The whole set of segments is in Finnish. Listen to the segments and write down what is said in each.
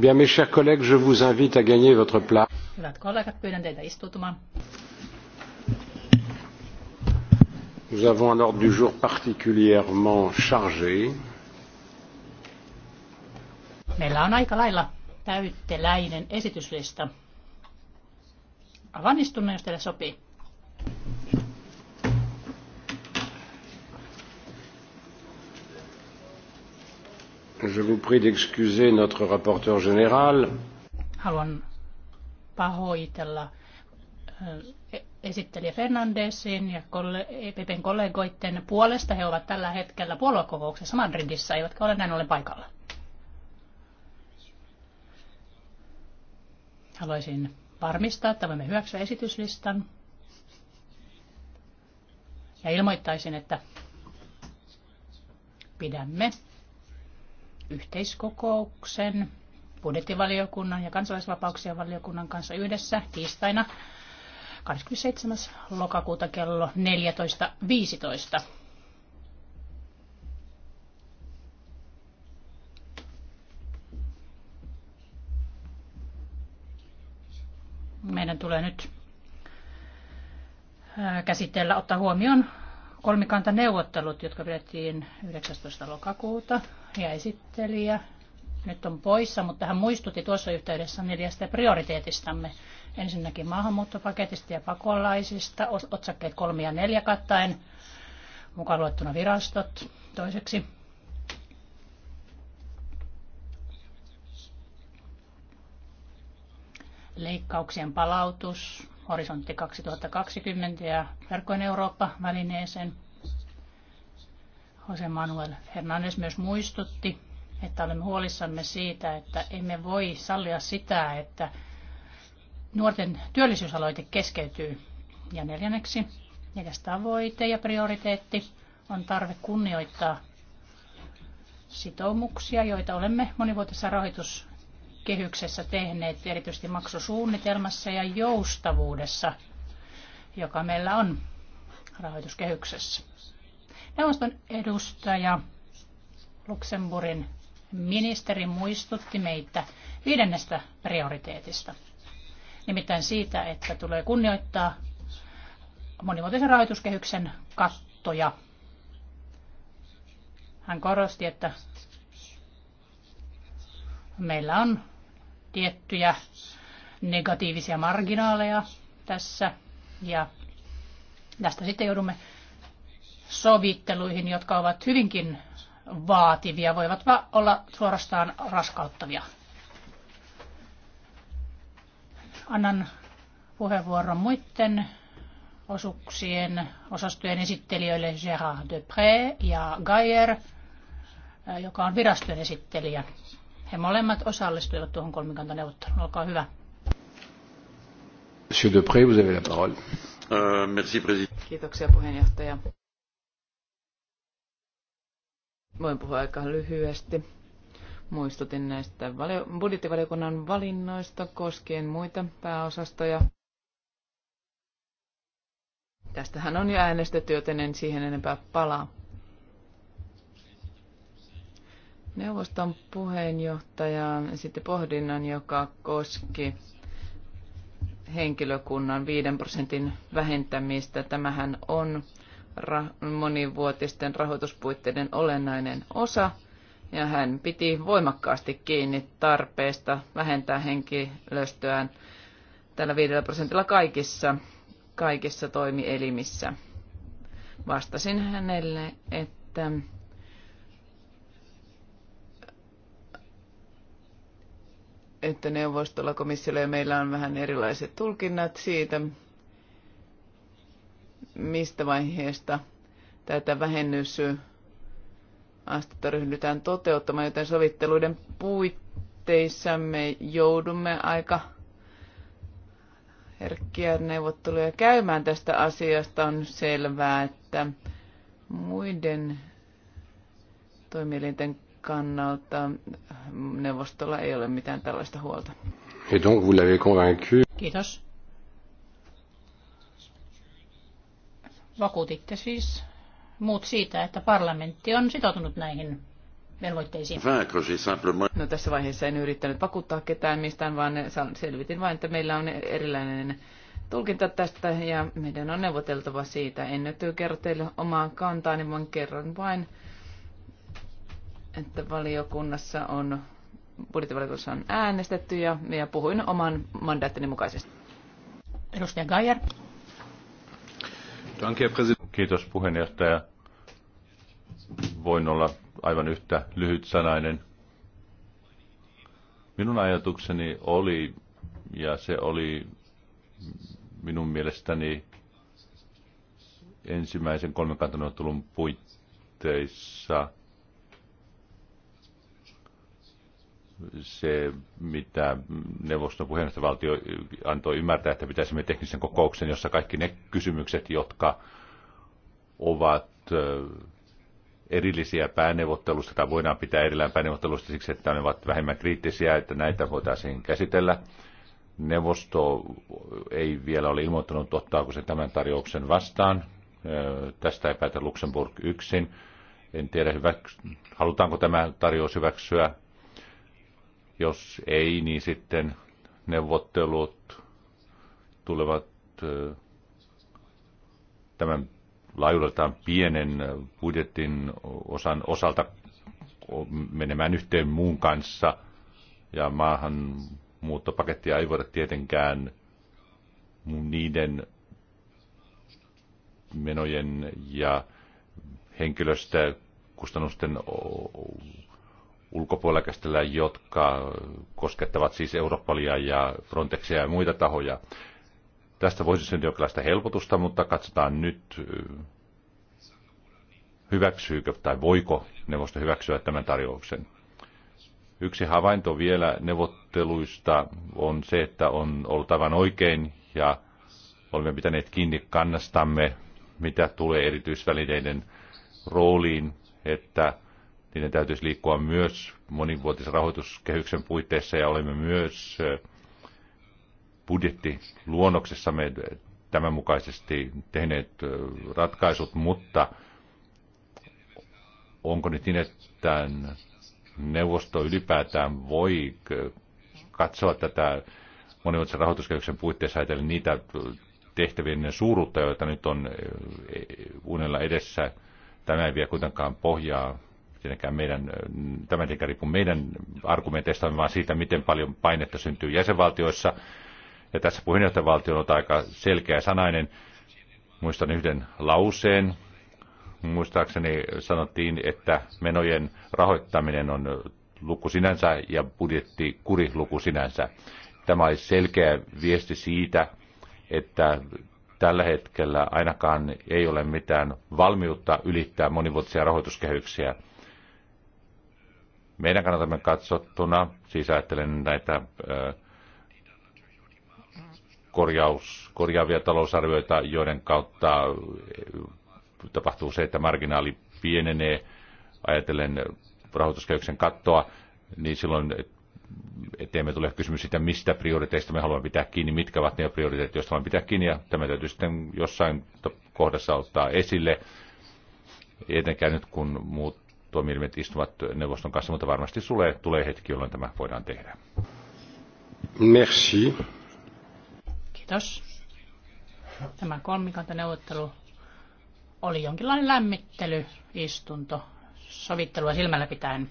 Bien, mes chers collègues, je vous invite à gagner votre place. Hyvät kollegat, pyydän teitä Nous avons un ordre du jour particulièrement chargé. Meillä on aika lailla täytteläinen esityslista. Avanistunne, jos teille sopii. Je vous prie d'excuser notre rapporteur général. Haluan pahoitella e-, esittelijä Fernandesin ja EPPn e kollegoiden puolesta. He ovat tällä hetkellä puoluekokouksessa Madridissa, eivätkä ole näin ollen paikalla. Haluaisin varmistaa, että voimme hyväksyä esityslistan. Ja ilmoittaisin, että pidämme yhteiskokouksen budjettivaliokunnan ja kansalaisvapauksien valiokunnan kanssa yhdessä tiistaina 27. lokakuuta kello 14.15. Meidän tulee nyt käsitellä, ottaa huomioon kolmikantaneuvottelut, jotka pidettiin 19. lokakuuta ja esittelijä nyt on poissa, mutta hän muistutti tuossa yhteydessä neljästä prioriteetistamme. Ensinnäkin maahanmuuttopaketista ja pakolaisista, otsakkeet kolme ja neljä kattaen, mukaan luettuna virastot toiseksi. Leikkauksien palautus, Horisontti 2020 ja Verkkojen Eurooppa-välineeseen. Jose Manuel Fernandes myös muistutti, että olemme huolissamme siitä, että emme voi sallia sitä, että nuorten työllisyysaloite keskeytyy. Ja neljänneksi, neljäs tavoite ja prioriteetti on tarve kunnioittaa sitoumuksia, joita olemme monivuotisessa rahoitus kehyksessä tehneet, erityisesti maksusuunnitelmassa ja joustavuudessa, joka meillä on rahoituskehyksessä. Neuvoston edustaja Luxemburgin ministeri muistutti meitä viidennestä prioriteetista, nimittäin siitä, että tulee kunnioittaa monimuotoisen rahoituskehyksen kattoja. Hän korosti, että Meillä on tiettyjä negatiivisia marginaaleja tässä ja tästä sitten joudumme sovitteluihin, jotka ovat hyvinkin vaativia, voivat olla suorastaan raskauttavia. Annan puheenvuoron muiden osuuksien osastojen esittelijöille Gérard Depré ja Gayer, joka on virastojen esittelijä. He molemmat osallistuivat tuohon kolmikantaneuvotteluun. Olkaa hyvä. Monsieur Depré, vous avez la parole. Uh, merci, président. Kiitoksia puheenjohtaja. Voin puhua aika lyhyesti. Muistutin näistä budjettivaliokunnan valinnoista koskien muita pääosastoja. Tästähän on jo äänestetty, joten en siihen enempää palaa. Neuvoston puheenjohtajaan sitten pohdinnan, joka koski henkilökunnan 5 prosentin vähentämistä. Tämähän on monivuotisten rahoituspuitteiden olennainen osa, ja hän piti voimakkaasti kiinni tarpeesta vähentää henkilöstöään tällä 5 prosentilla kaikissa, kaikissa toimielimissä. Vastasin hänelle, että että neuvostolla, komissiolla ja meillä on vähän erilaiset tulkinnat siitä, mistä vaiheesta tätä vähennysastetta ryhdytään toteuttamaan, joten sovitteluiden puitteissa me joudumme aika herkkiä neuvotteluja käymään tästä asiasta. On selvää, että muiden toimielinten kannalta neuvostolla ei ole mitään tällaista huolta. Et donc vous l'avez convaincu. Kiitos. Vakuutitte siis muut siitä, että parlamentti on sitoutunut näihin velvoitteisiin. No tässä vaiheessa en yrittänyt vakuuttaa ketään mistään, vaan selvitin vain, että meillä on erilainen tulkinta tästä ja meidän on neuvoteltava siitä. En nyt kerro teille omaa kantaani, vaan kerron vain että valiokunnassa on, budjettivaliokunnassa on äänestetty ja, ja puhuin oman mandaattini mukaisesti. Edustaja Gajer. Kiitos puheenjohtaja. Voin olla aivan yhtä lyhyt sanainen. Minun ajatukseni oli, ja se oli minun mielestäni ensimmäisen kolmikantaneuvottelun puitteissa – se, mitä neuvoston puheenjohtajavaltio antoi ymmärtää, että pitäisimme teknisen kokouksen, jossa kaikki ne kysymykset, jotka ovat erillisiä pääneuvottelusta tai voidaan pitää erillään pääneuvottelusta siksi, että ne ovat vähemmän kriittisiä, että näitä voitaisiin käsitellä. Neuvosto ei vielä ole ilmoittanut, ottaako se tämän tarjouksen vastaan. Tästä ei päätä Luxemburg yksin. En tiedä, hyväks... halutaanko tämä tarjous hyväksyä jos ei, niin sitten neuvottelut tulevat tämän laajuudeltaan pienen budjetin osan osalta menemään yhteen muun kanssa. Ja maahan muuttopakettia ei voida tietenkään niiden menojen ja henkilöstökustannusten ulkopuolella käsitellään, jotka koskettavat siis Europolia ja Frontexia ja muita tahoja. Tästä voisi syntyä jonkinlaista helpotusta, mutta katsotaan nyt, hyväksyykö tai voiko neuvosto hyväksyä tämän tarjouksen. Yksi havainto vielä neuvotteluista on se, että on ollut aivan oikein ja olemme pitäneet kiinni kannastamme, mitä tulee erityisvälineiden rooliin, että niiden täytyisi liikkua myös monivuotisen rahoituskehyksen puitteissa ja olemme myös me tämän mukaisesti tehneet ratkaisut, mutta onko nyt niin, että neuvosto ylipäätään voi katsoa tätä monivuotisen rahoituskehyksen puitteissa ajatellen niitä tehtävien suuruutta, joita nyt on e-, unella edessä. Tämä ei vie kuitenkaan pohjaa tietenkään meidän, tämän tietenkään riippuu meidän argumenteista, vaan siitä, miten paljon painetta syntyy jäsenvaltioissa. Ja tässä puheenjohtajavaltio on aika selkeä sanainen. Muistan yhden lauseen. Muistaakseni sanottiin, että menojen rahoittaminen on luku sinänsä ja budjetti luku sinänsä. Tämä on selkeä viesti siitä, että tällä hetkellä ainakaan ei ole mitään valmiutta ylittää monivuotisia rahoituskehyksiä meidän kannatamme katsottuna, siis ajattelen näitä korjaus, korjaavia talousarvioita, joiden kautta tapahtuu se, että marginaali pienenee, ajatellen rahoituskehyksen kattoa, niin silloin eteemme tulee kysymys siitä, mistä prioriteista me haluamme pitää kiinni, mitkä ovat ne prioriteetit, joista haluamme pitää kiinni, ja tämä täytyy sitten jossain kohdassa ottaa esille, etenkään nyt kun muut tuomioimet istuvat neuvoston kanssa, mutta varmasti tulee, tulee hetki, jolloin tämä voidaan tehdä. Merci. Kiitos. Tämä kolmikantaneuvottelu oli jonkinlainen lämmittelyistunto sovittelua silmällä pitäen.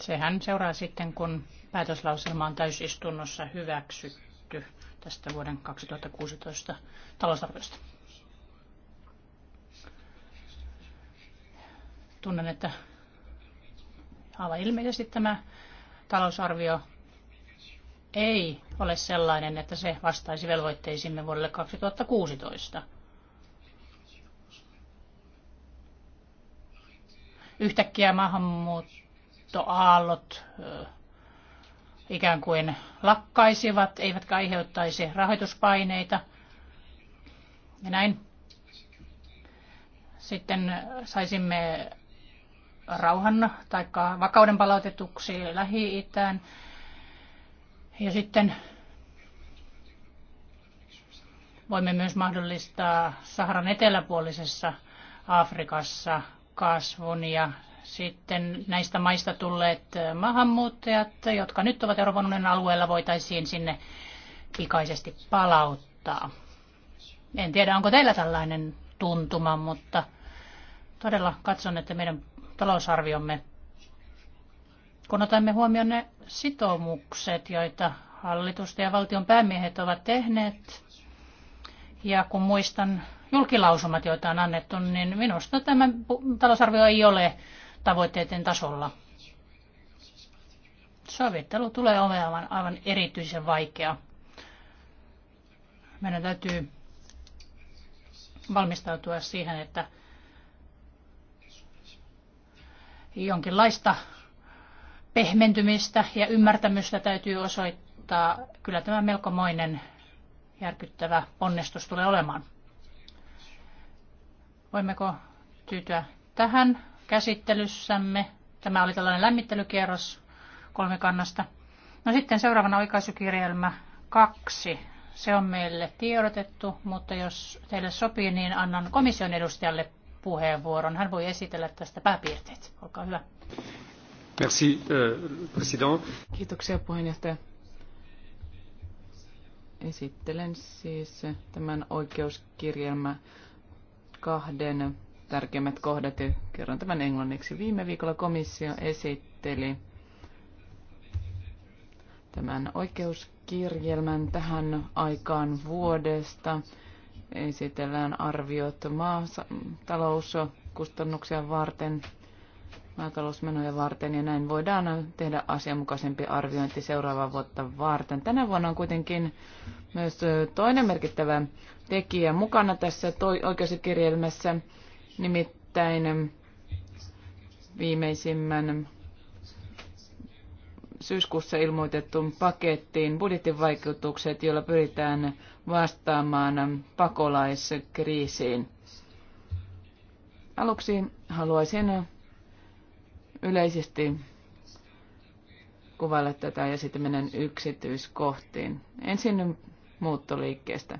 Sehän seuraa sitten, kun päätöslauselma on täysistunnossa hyväksytty tästä vuoden 2016 talousarviosta. Tunnen, että aivan ilmeisesti tämä talousarvio ei ole sellainen, että se vastaisi velvoitteisimme vuodelle 2016. Yhtäkkiä maahanmuuttoaallot ikään kuin lakkaisivat, eivätkä aiheuttaisi rahoituspaineita. Ja näin sitten saisimme rauhan tai vakauden palautetuksi Lähi-Itään. Ja sitten voimme myös mahdollistaa Saharan eteläpuolisessa Afrikassa kasvun ja sitten näistä maista tulleet maahanmuuttajat, jotka nyt ovat Euroopan unionin alueella, voitaisiin sinne pikaisesti palauttaa. En tiedä, onko teillä tällainen tuntuma, mutta todella katson, että meidän talousarviomme. Kun otamme huomioon ne sitoumukset, joita hallitusta ja valtion päämiehet ovat tehneet, ja kun muistan julkilausumat, joita on annettu, niin minusta tämä talousarvio ei ole tavoitteiden tasolla. Sovittelu tulee olemaan aivan erityisen vaikea. Meidän täytyy valmistautua siihen, että jonkinlaista pehmentymistä ja ymmärtämystä täytyy osoittaa. Kyllä tämä melkomoinen järkyttävä ponnistus tulee olemaan. Voimmeko tyytyä tähän käsittelyssämme? Tämä oli tällainen lämmittelykierros kolmikannasta. No sitten seuraavana oikaisukirjelmä kaksi. Se on meille tiedotettu, mutta jos teille sopii, niin annan komission edustajalle puheenvuoron. Hän voi esitellä tästä pääpiirteet. Olkaa hyvä. Merci, euh, president. Kiitoksia puheenjohtaja. Esittelen siis tämän oikeuskirjelmä kahden tärkeimmät kohdat ja kerron tämän englanniksi. Viime viikolla komissio esitteli tämän oikeuskirjelmän tähän aikaan vuodesta esitellään arviot maatalouskustannuksia varten, maatalousmenoja varten ja näin voidaan tehdä asianmukaisempi arviointi seuraavaa vuotta varten. Tänä vuonna on kuitenkin myös toinen merkittävä tekijä mukana tässä oikeuskirjelmässä, nimittäin viimeisimmän syyskuussa ilmoitettuun pakettiin budjettivaikutukset, joilla pyritään vastaamaan pakolaiskriisiin. Aluksi haluaisin yleisesti kuvailla tätä ja sitten menen yksityiskohtiin. Ensin muuttoliikkeestä.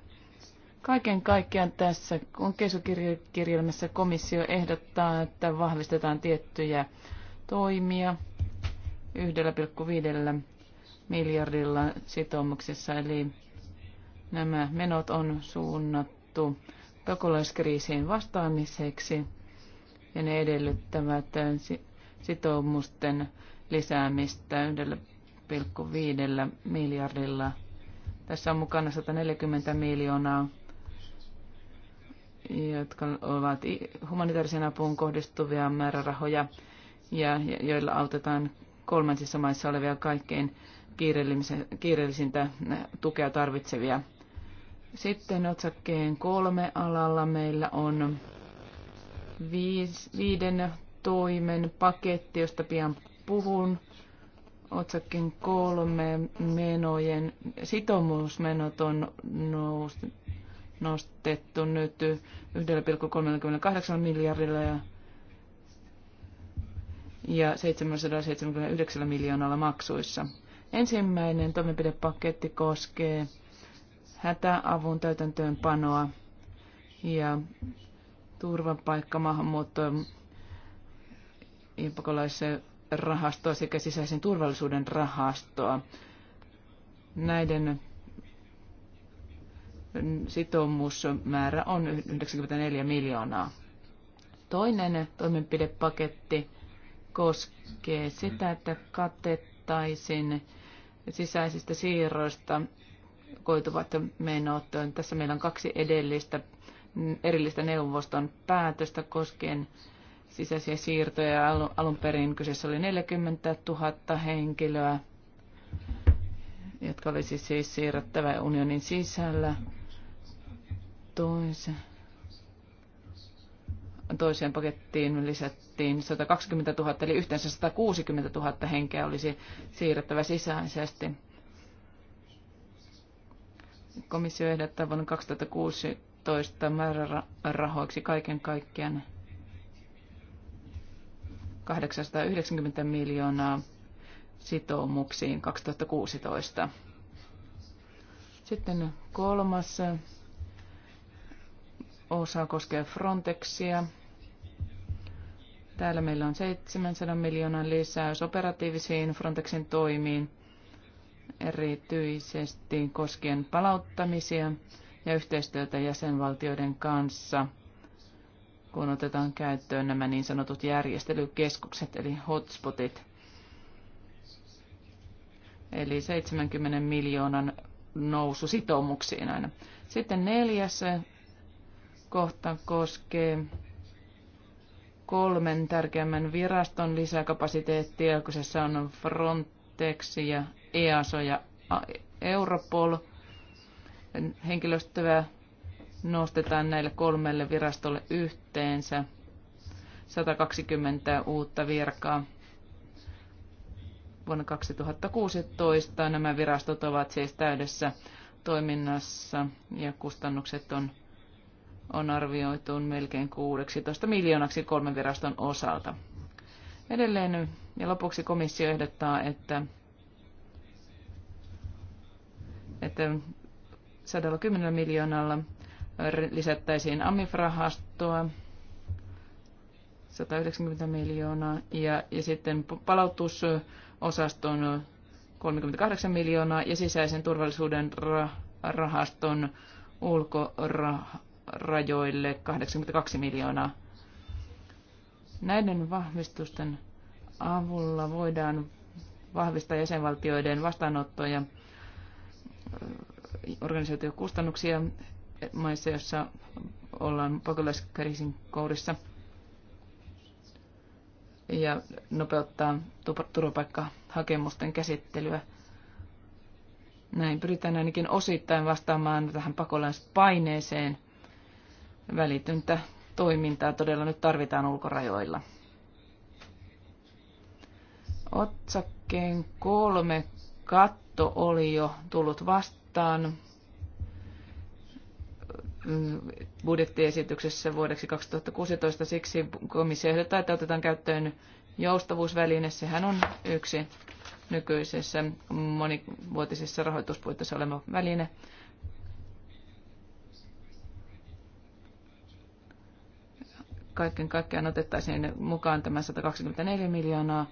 Kaiken kaikkiaan tässä kun kesukirjelmässä komissio ehdottaa, että vahvistetaan tiettyjä toimia – 1,5 miljardilla sitoumuksessa, eli nämä menot on suunnattu pakolaiskriisiin vastaamiseksi ja ne edellyttävät sitoumusten lisäämistä 1,5 miljardilla. Tässä on mukana 140 miljoonaa, jotka ovat humanitaarisen apuun kohdistuvia määrärahoja ja joilla autetaan kolmansissa maissa olevia kaikkein kiireellisintä tukea tarvitsevia. Sitten otsakkeen kolme alalla meillä on viis, viiden toimen paketti, josta pian puhun. Otsakkeen kolme menojen sitoumusmenot on nostettu nyt 1,38 miljardilla ja ja 779 miljoonalla maksuissa. Ensimmäinen toimenpidepaketti koskee hätäavun täytäntöönpanoa ja turvapaikka, maahanmuutto ja pakolaisrahastoa sekä sisäisen turvallisuuden rahastoa. Näiden sitoumusmäärä on 94 miljoonaa. Toinen toimenpidepaketti koskee sitä, että katettaisiin sisäisistä siirroista koituvat menot. Tässä meillä on kaksi edellistä erillistä neuvoston päätöstä koskien sisäisiä siirtoja. Alun perin kyseessä oli 40 000 henkilöä, jotka olisi siis siirrettävä unionin sisällä. Toisen toiseen pakettiin lisättiin 120 000, eli yhteensä 160 000 henkeä olisi siirrettävä sisäisesti. Komissio ehdottaa vuonna 2016 määrärahoiksi kaiken kaikkiaan 890 miljoonaa sitoumuksiin 2016. Sitten kolmas osa koskee Frontexia. Täällä meillä on 700 miljoonan lisäys operatiivisiin Frontexin toimiin, erityisesti koskien palauttamisia ja yhteistyötä jäsenvaltioiden kanssa, kun otetaan käyttöön nämä niin sanotut järjestelykeskukset eli hotspotit. Eli 70 miljoonan nousu sitoumuksiin aina. Sitten neljäs kohta koskee kolmen tärkeimmän viraston lisäkapasiteettia. Kyseessä on Frontex ja EASO ja Europol. Henkilöstöä nostetaan näille kolmelle virastolle yhteensä 120 uutta virkaa. Vuonna 2016 nämä virastot ovat siis täydessä toiminnassa ja kustannukset on on arvioitu melkein 16 miljoonaksi kolmen viraston osalta. Edelleen ja lopuksi komissio ehdottaa, että, että 110 miljoonalla lisättäisiin AMIF-rahastoa 190 miljoonaa ja, ja sitten palautusosaston 38 miljoonaa ja sisäisen turvallisuuden rahaston ulkorah, rajoille 82 miljoonaa. Näiden vahvistusten avulla voidaan vahvistaa jäsenvaltioiden vastaanottoja organisoituja kustannuksia maissa, joissa ollaan pakolaiskriisin kourissa ja nopeuttaa turvapaikkahakemusten käsittelyä. Näin pyritään ainakin osittain vastaamaan tähän pakolaispaineeseen, välityntä toimintaa todella nyt tarvitaan ulkorajoilla. Otsakkeen kolme katto oli jo tullut vastaan budjettiesityksessä vuodeksi 2016. Siksi komissio ehdottaa, että otetaan käyttöön joustavuusväline. Sehän on yksi nykyisessä monivuotisessa rahoituspuitteissa oleva väline. kaiken kaikkiaan otettaisiin mukaan tämä 124 miljoonaa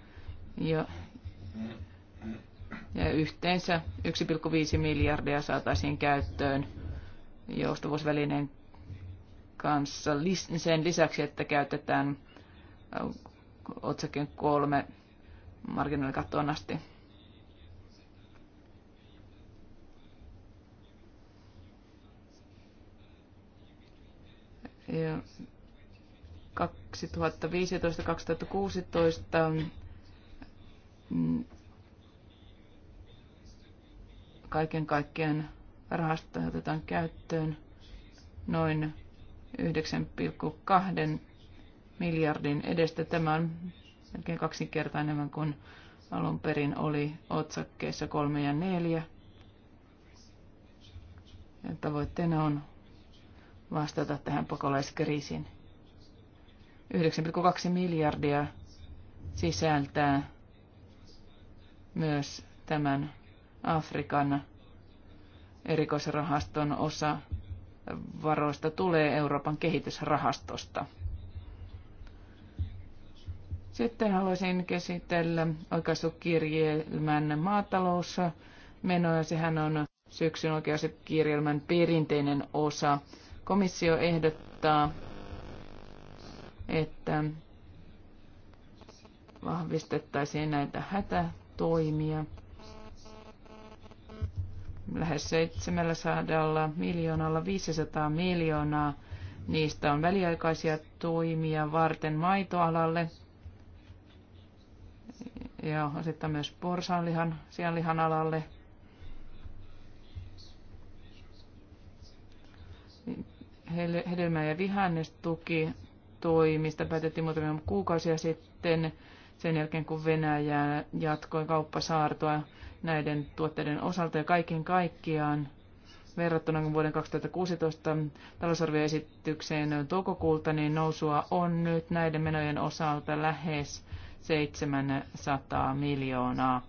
ja, ja yhteensä 1,5 miljardia saataisiin käyttöön joustavuusvälineen kanssa sen lisäksi, että käytetään äh, otsakin kolme marginaalikattoon asti. Ja 2015-2016 mm, kaiken kaikkiaan rahasta otetaan käyttöön noin 9,2 miljardin edestä. Tämä on melkein kaksinkertainen enemmän kuin alun perin oli otsakkeissa 3 ja 4. Ja tavoitteena on vastata tähän pakolaiskriisiin. 9,2 miljardia sisältää myös tämän Afrikan erikoisrahaston osa varoista tulee Euroopan kehitysrahastosta. Sitten haluaisin käsitellä oikaisukirjelmän Menoja Sehän on syksyn oikaisukirjelmän perinteinen osa. Komissio ehdottaa että vahvistettaisiin näitä hätätoimia lähes 700 miljoonalla 500 miljoonaa. Niistä on väliaikaisia toimia varten maitoalalle ja osittain myös porsaanlihan, sianlihan alalle. Hedelmä- ja vihannestuki toimista päätettiin muutamia kuukausia sitten sen jälkeen, kun Venäjä jatkoi kauppasaartoa näiden tuotteiden osalta ja kaiken kaikkiaan verrattuna vuoden 2016 talousarvioesitykseen toukokuulta, niin nousua on nyt näiden menojen osalta lähes 700 miljoonaa.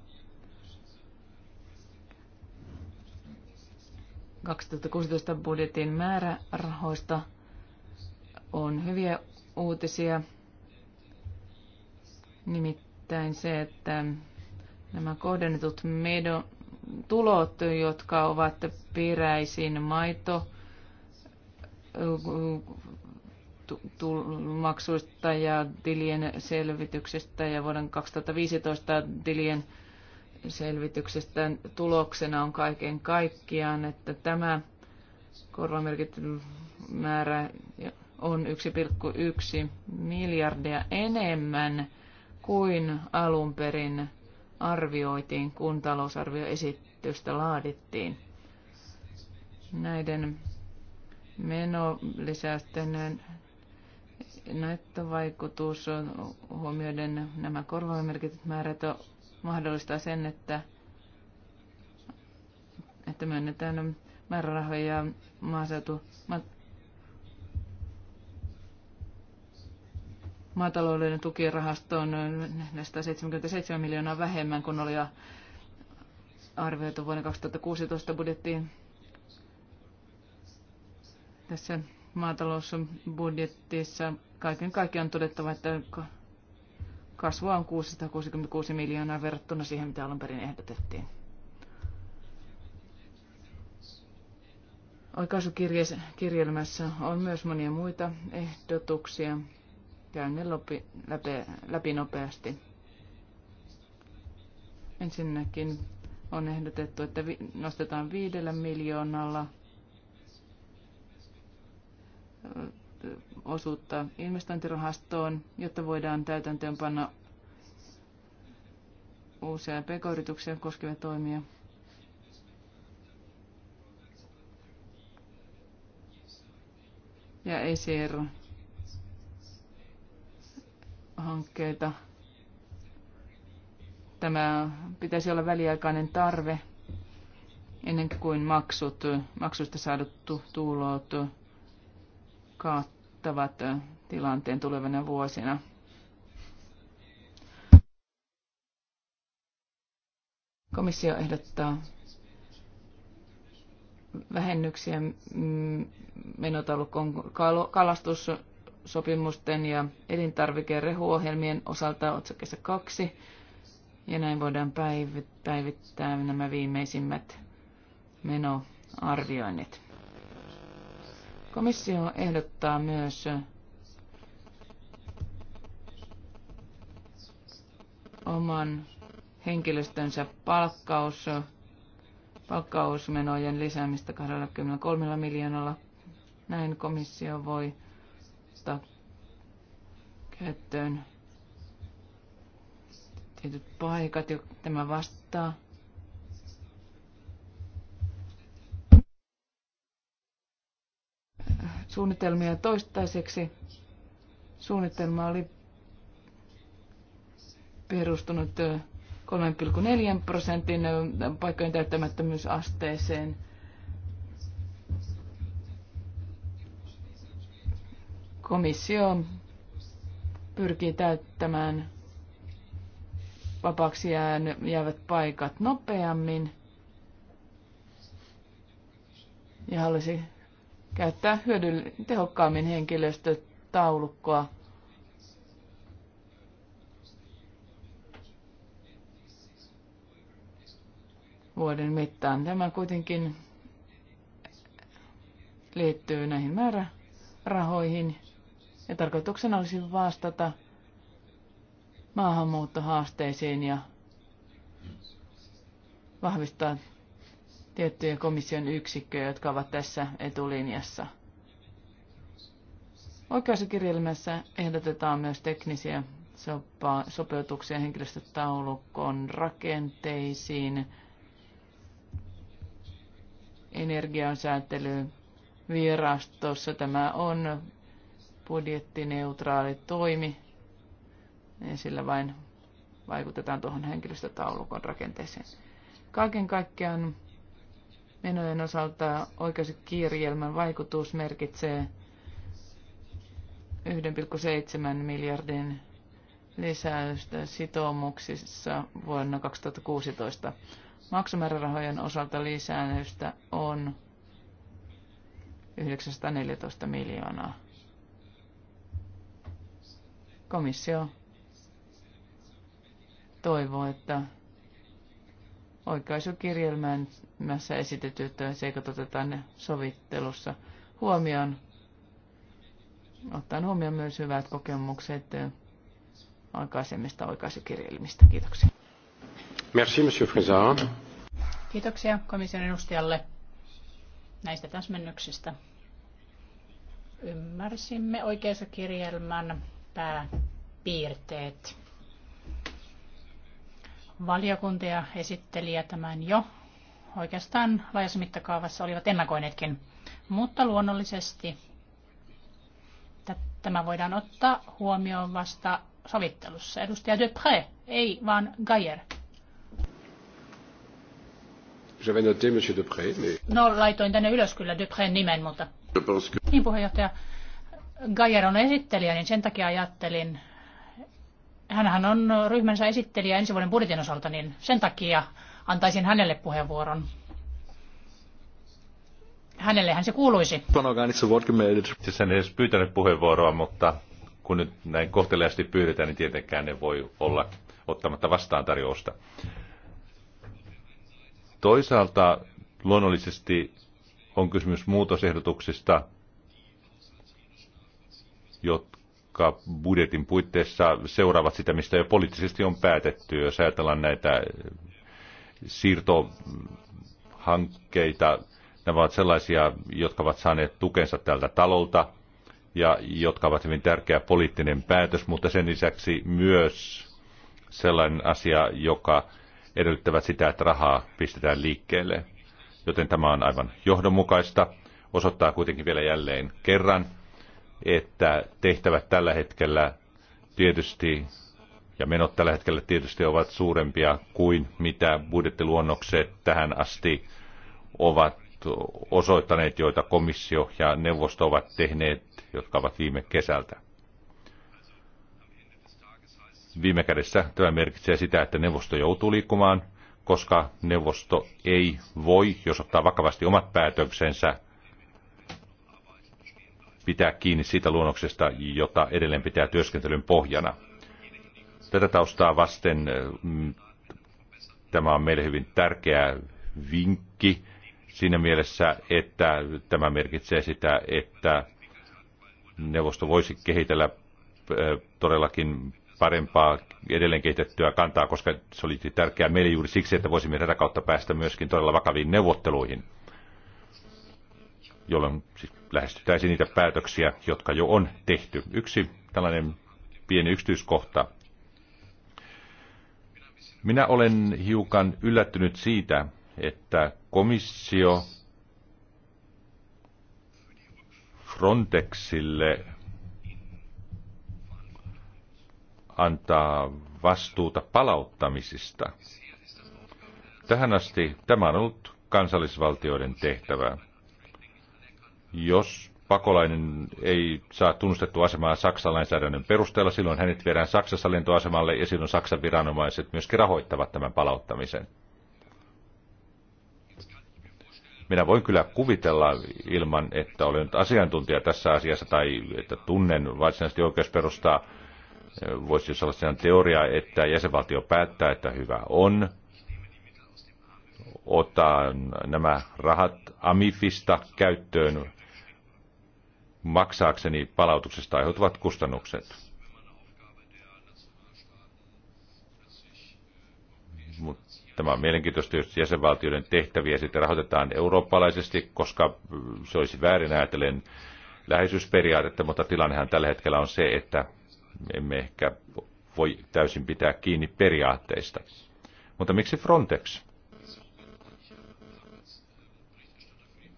2016 budjetin määrärahoista on hyviä uutisia. Nimittäin se, että nämä kohdennetut medo, tulot, jotka ovat peräisin maito maksuista ja tilien selvityksestä ja vuoden 2015 tilien selvityksestä tuloksena on kaiken kaikkiaan, että tämä korvamerkitty määrä on 1,1 miljardia enemmän kuin alun perin arvioitiin, kun talousarvioesitystä laadittiin. Näiden menolisäysten on huomioiden nämä korvamerkityt määrät mahdollistaa sen, että, että myönnetään määrärahoja maaseutu, maatalouden tukirahastoon 477 miljoonaa vähemmän kuin oli arvioitu vuonna 2016 budjettiin. Tässä maatalousbudjettissa kaiken kaikkiaan on todettava, että kasvua on 666 miljoonaa verrattuna siihen, mitä alun perin ehdotettiin. Oikaisukirjelmässä on myös monia muita ehdotuksia käyn ne lopi, läpi, läpi nopeasti. Ensinnäkin on ehdotettu, että vi, nostetaan viidellä miljoonalla osuutta investointirahastoon, jotta voidaan täytäntöönpanna uusia pk-yrityksiä koskevia toimia. Ja ECR hankkeita. Tämä pitäisi olla väliaikainen tarve ennen kuin maksut, maksusta saadut tulot kattavat tilanteen tulevina vuosina. Komissio ehdottaa vähennyksiä menotaulukon kalastus- sopimusten ja elintarvikerehuohjelmien osalta otsakessa kaksi. Ja näin voidaan päivittää nämä viimeisimmät menoarvioinnit. Komissio ehdottaa myös oman henkilöstönsä palkkaus, palkkausmenojen lisäämistä 23 miljoonalla. Näin komissio voi ottaa käyttöön tietyt paikat, ja tämä vastaa. Suunnitelmia toistaiseksi. Suunnitelma oli perustunut 3,4 prosentin paikkojen täyttämättömyysasteeseen – Komissio pyrkii täyttämään vapaaksi jäävät paikat nopeammin ja halusi käyttää hyödyll- tehokkaammin henkilöstötaulukkoa. vuoden mittaan. Tämä kuitenkin liittyy näihin määrärahoihin ja tarkoituksena olisi vastata maahanmuuttohaasteisiin ja vahvistaa tiettyjä komission yksikköjä, jotka ovat tässä etulinjassa. Oikeusikirjelmässä ehdotetaan myös teknisiä sopeutuksia henkilöstötaulukon rakenteisiin, energiansäätelyyn virastossa. Tämä on budjettineutraali toimi, niin sillä vain vaikutetaan tuohon henkilöstötaulukon rakenteeseen. Kaiken kaikkiaan menojen osalta oikeuskirjelmän vaikutus merkitsee 1,7 miljardin lisäystä sitoumuksissa vuonna 2016. Maksumäärärahojen osalta lisäystä on 914 miljoonaa. Komissio toivoo, että oikaisukirjelmässä esitetyt seikat otetaan sovittelussa huomioon, ottaen huomioon myös hyvät kokemukset aikaisemmista oikaisukirjelmistä. Kiitoksia. Merci, Monsieur Frisard. Kiitoksia komission edustajalle näistä täsmennyksistä. Ymmärsimme oikeassa kirjelmän pääpiirteet. Valiokunta ja esittelijä tämän jo oikeastaan laajassa mittakaavassa olivat ennakoineetkin. Mutta luonnollisesti tämä voidaan ottaa huomioon vasta sovittelussa. Edustaja Dupré, ei vaan Gayer. noté Dupré, mais... No, laitoin tänne ylös kyllä Duprén nimen, mutta... Niin puheenjohtaja, Gajer on esittelijä, niin sen takia ajattelin, hänhän on ryhmänsä esittelijä ensi vuoden budjetin osalta, niin sen takia antaisin hänelle puheenvuoron. Hänellehän se kuuluisi. Siis en edes pyytänyt puheenvuoroa, mutta kun nyt näin kohteliaasti pyydetään, niin tietenkään ne voi olla ottamatta vastaan tarjousta. Toisaalta luonnollisesti on kysymys muutosehdotuksista, jotka budjetin puitteissa seuraavat sitä, mistä jo poliittisesti on päätetty. Jos ajatellaan näitä siirtohankkeita, nämä ovat sellaisia, jotka ovat saaneet tukensa tältä talolta ja jotka ovat hyvin tärkeä poliittinen päätös, mutta sen lisäksi myös sellainen asia, joka edellyttävät sitä, että rahaa pistetään liikkeelle. Joten tämä on aivan johdonmukaista. Osoittaa kuitenkin vielä jälleen kerran, että tehtävät tällä hetkellä tietysti ja menot tällä hetkellä tietysti ovat suurempia kuin mitä budjettiluonnokset tähän asti ovat osoittaneet, joita komissio ja neuvosto ovat tehneet, jotka ovat viime kesältä. Viime kädessä tämä merkitsee sitä, että neuvosto joutuu liikkumaan, koska neuvosto ei voi, jos ottaa vakavasti omat päätöksensä, pitää kiinni siitä luonnoksesta, jota edelleen pitää työskentelyn pohjana. Tätä taustaa vasten mm, tämä on meille hyvin tärkeä vinkki siinä mielessä, että tämä merkitsee sitä, että neuvosto voisi kehitellä todellakin parempaa edelleen kehitettyä kantaa, koska se oli tärkeää meille juuri siksi, että voisimme tätä kautta päästä myöskin todella vakaviin neuvotteluihin, jolloin siis lähestyttäisi niitä päätöksiä, jotka jo on tehty. Yksi tällainen pieni yksityiskohta. Minä olen hiukan yllättynyt siitä, että komissio Frontexille antaa vastuuta palauttamisista. Tähän asti tämä on ollut kansallisvaltioiden tehtävä. Jos pakolainen ei saa tunnustettua asemaa Saksan lainsäädännön perusteella, silloin hänet viedään Saksassa lentoasemalle ja silloin Saksan viranomaiset myöskin rahoittavat tämän palauttamisen. Minä voin kyllä kuvitella ilman, että olen nyt asiantuntija tässä asiassa tai että tunnen varsinaisesti oikeusperustaa, voisi olla sellainen teoria, että jäsenvaltio päättää, että hyvä on, ottaa nämä rahat AMIFista käyttöön maksaakseni palautuksesta aiheutuvat kustannukset. Tämä on mielenkiintoista, jos jäsenvaltioiden tehtäviä sitten rahoitetaan eurooppalaisesti, koska se olisi väärin ajatellen läheisyysperiaatetta, mutta tilannehan tällä hetkellä on se, että emme ehkä voi täysin pitää kiinni periaatteista. Mutta miksi Frontex?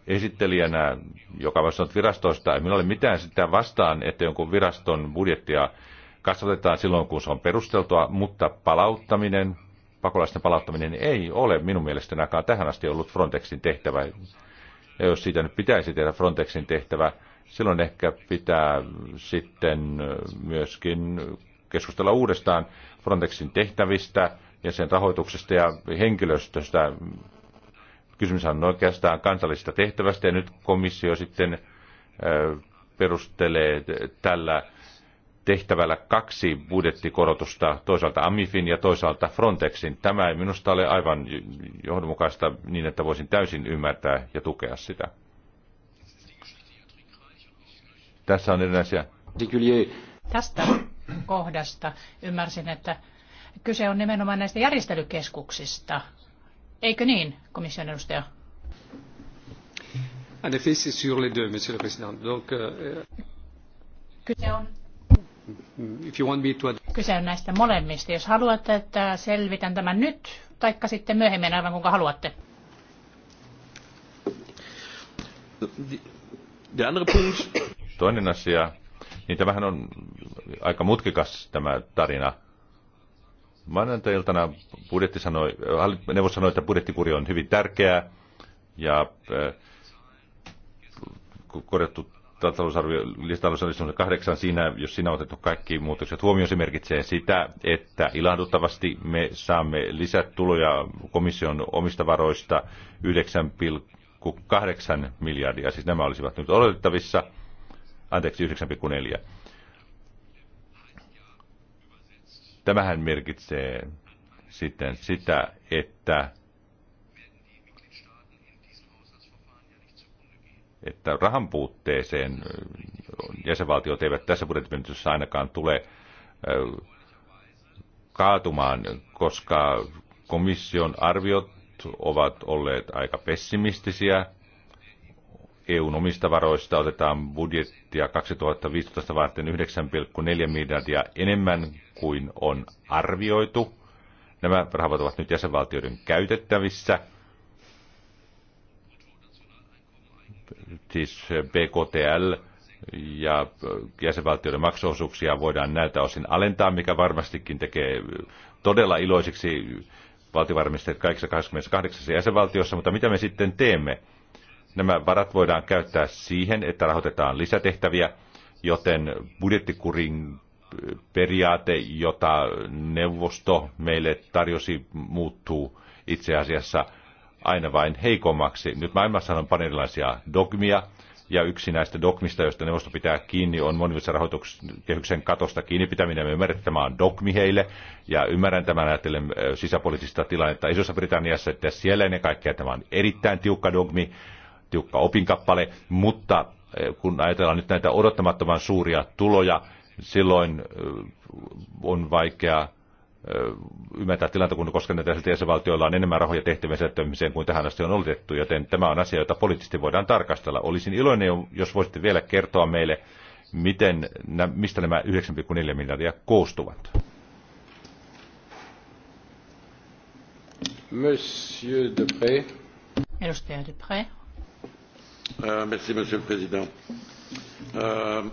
esittelijänä, joka on sanoa virastoista, ei minulla ole mitään sitä vastaan, että jonkun viraston budjettia kasvatetaan silloin, kun se on perusteltua, mutta palauttaminen, pakolaisten palauttaminen ei ole minun mielestäni ainakaan tähän asti ollut Frontexin tehtävä. Ja jos siitä nyt pitäisi tehdä Frontexin tehtävä, silloin ehkä pitää sitten myöskin keskustella uudestaan Frontexin tehtävistä ja sen rahoituksesta ja henkilöstöstä. Kysymys on oikeastaan kansallisesta tehtävästä ja nyt komissio sitten perustelee tällä tehtävällä kaksi budjettikorotusta, toisaalta Amifin ja toisaalta Frontexin. Tämä ei minusta ole aivan johdonmukaista niin, että voisin täysin ymmärtää ja tukea sitä. Tässä on erinäisiä. Tästä kohdasta ymmärsin, että kyse on nimenomaan näistä järjestelykeskuksista, Eikö niin, komission edustaja? Ah, en effet, c'est sur les deux, monsieur le président. Donc, euh, on Kyse on näistä molemmista. Jos haluatte, että selvitän tämän nyt, taikka sitten myöhemmin, aivan kuinka haluatte. Toinen asia, niin tämähän on aika mutkikas tämä tarina Maanantailtana budjetti sanoi, neuvos sanoi, että budjettikuri on hyvin tärkeää ja äh, korjattu talousarvio, lisätalousarvio on kahdeksan siinä, jos siinä on otettu kaikki muutokset huomioon, se merkitsee sitä, että ilahduttavasti me saamme lisätuloja komission omista varoista 9,8 miljardia, siis nämä olisivat nyt odotettavissa, anteeksi 9,4. Tämähän merkitsee sitten sitä, että, että rahan puutteeseen äh, jäsenvaltiot eivät tässä budjettimenetyksessä ainakaan tule äh, kaatumaan, koska komission arviot ovat olleet aika pessimistisiä EUn omista varoista otetaan budjettia 2015 varten 9,4 miljardia enemmän kuin on arvioitu. Nämä rahat ovat nyt jäsenvaltioiden käytettävissä. Siis BKTL ja jäsenvaltioiden maksuosuuksia voidaan näiltä osin alentaa, mikä varmastikin tekee todella iloisiksi valtiovarmistajat kaikissa 28 jäsenvaltiossa, mutta mitä me sitten teemme? Nämä varat voidaan käyttää siihen, että rahoitetaan lisätehtäviä, joten budjettikurin periaate, jota neuvosto meille tarjosi, muuttuu itse asiassa aina vain heikommaksi. Nyt maailmassa on paljon erilaisia dogmia, ja yksi näistä dogmista, joista neuvosto pitää kiinni, on monivuotisen rahoituskehyksen katosta kiinni pitäminen. Me ymmärrän, että tämä on dogmi heille, ja ymmärrän tämän ajatellen äh, sisäpoliittista tilannetta Isossa Britanniassa, että siellä ennen kaikkea tämä on erittäin tiukka dogmi, tiukka opinkappale, mutta eh, kun ajatellaan nyt näitä odottamattoman suuria tuloja, silloin eh, on vaikea eh, ymmärtää tilanta, kun koska näitä jäsenvaltioilla on enemmän rahoja tehtävien selittämiseen kuin tähän asti on oletettu, joten tämä on asia, jota poliittisesti voidaan tarkastella. Olisin iloinen, jos voisitte vielä kertoa meille, miten, mistä nämä 9,4 miljardia koostuvat. Monsieur Dupré. Edustaja Dupré. Euh, monsieur le président. Euh,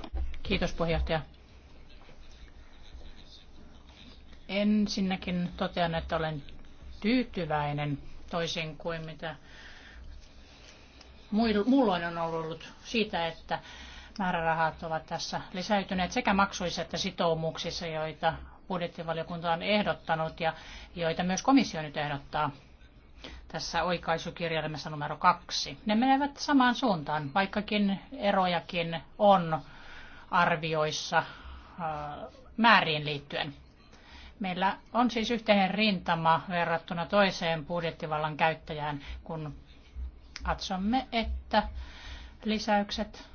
Ensinnäkin totean, että olen tyytyväinen toisin kuin mitä muulloin on ollut siitä, että määrärahat ovat tässä lisäytyneet sekä maksuissa että sitoumuksissa, joita budjettivaliokunta on ehdottanut ja joita myös komissio nyt ehdottaa tässä oikaisukirjelmässä numero kaksi. Ne menevät samaan suuntaan, vaikkakin erojakin on arvioissa äh, määriin liittyen. Meillä on siis yhteinen rintama verrattuna toiseen budjettivallan käyttäjään, kun katsomme, että lisäykset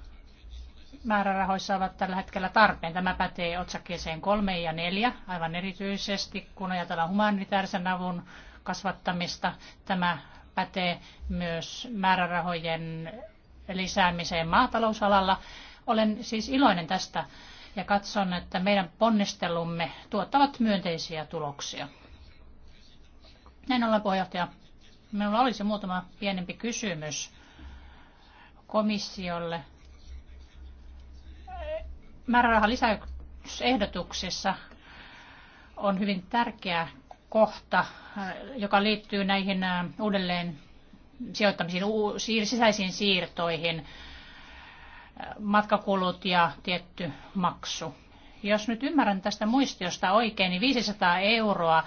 määrärahoissa ovat tällä hetkellä tarpeen. Tämä pätee otsakkeeseen kolme ja neljä aivan erityisesti, kun ajatellaan humanitaarisen avun kasvattamista. Tämä pätee myös määrärahojen lisäämiseen maatalousalalla. Olen siis iloinen tästä ja katson, että meidän ponnistelumme tuottavat myönteisiä tuloksia. Näin ollen puheenjohtaja, minulla olisi muutama pienempi kysymys komissiolle. Määrärahalisäyksehdotuksessa on hyvin tärkeä kohta, joka liittyy näihin uudelleen sijoittamisiin, sisäisiin siirtoihin, matkakulut ja tietty maksu. Jos nyt ymmärrän tästä muistiosta oikein, niin 500 euroa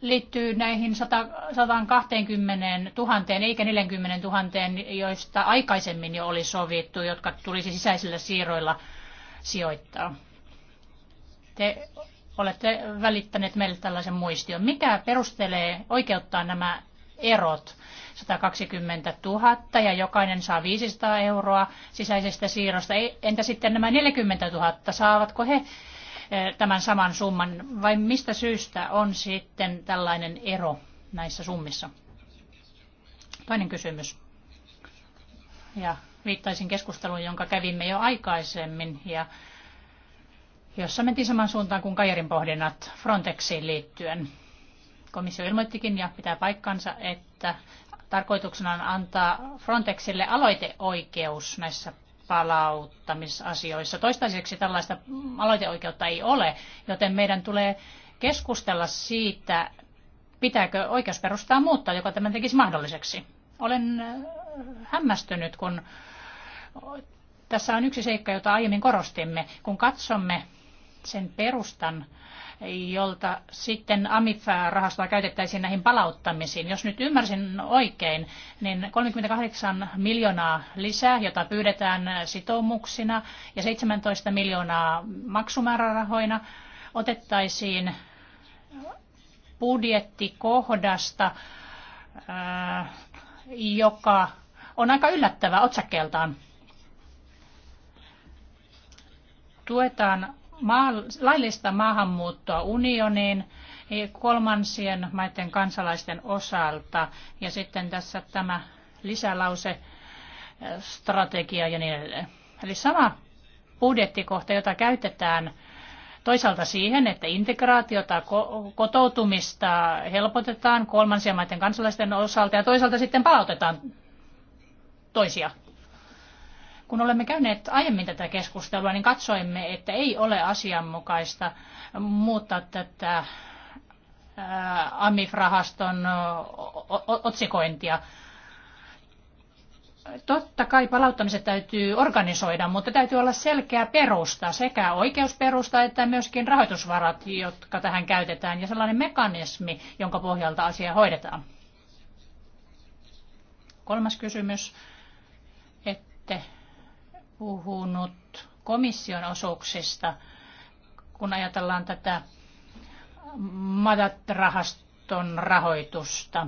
liittyy näihin 120 000 eikä 40 000, joista aikaisemmin jo oli sovittu, jotka tulisi sisäisillä siirroilla sijoittaa. Te olette välittäneet meille tällaisen muistion. Mikä perustelee oikeuttaa nämä erot? 120 000 ja jokainen saa 500 euroa sisäisestä siirrosta. Entä sitten nämä 40 000, saavatko he eh, tämän saman summan vai mistä syystä on sitten tällainen ero näissä summissa? Toinen kysymys. Ja viittaisin keskusteluun, jonka kävimme jo aikaisemmin ja jossa mentiin saman suuntaan kuin Kajarin pohdinnat Frontexiin liittyen. Komissio ilmoittikin ja pitää paikkansa, että tarkoituksena on antaa Frontexille aloiteoikeus näissä palauttamisasioissa. Toistaiseksi tällaista aloiteoikeutta ei ole, joten meidän tulee keskustella siitä, pitääkö oikeusperustaa muuttaa, joka tämän tekisi mahdolliseksi. Olen äh, hämmästynyt, kun tässä on yksi seikka, jota aiemmin korostimme. Kun katsomme sen perustan, jolta sitten AMIF-rahastoa käytettäisiin näihin palauttamisiin. Jos nyt ymmärsin oikein, niin 38 miljoonaa lisää, jota pyydetään sitoumuksina, ja 17 miljoonaa maksumäärärahoina otettaisiin budjettikohdasta, äh, joka on aika yllättävä otsakkeeltaan. Tuetaan maa, laillista maahanmuuttoa unioniin kolmansien maiden kansalaisten osalta. Ja sitten tässä tämä lisälause, äh, strategia ja niin edelleen. Eli sama budjettikohta, jota käytetään toisaalta siihen, että integraatiota, kotoutumista helpotetaan kolmansien maiden kansalaisten osalta ja toisaalta sitten palautetaan toisia kun olemme käyneet aiemmin tätä keskustelua, niin katsoimme, että ei ole asianmukaista muuttaa tätä AMIF-rahaston otsikointia. Totta kai palauttamiset täytyy organisoida, mutta täytyy olla selkeä perusta, sekä oikeusperusta että myöskin rahoitusvarat, jotka tähän käytetään, ja sellainen mekanismi, jonka pohjalta asia hoidetaan. Kolmas kysymys. Ette puhunut komission osuuksista, kun ajatellaan tätä Madat-rahaston rahoitusta.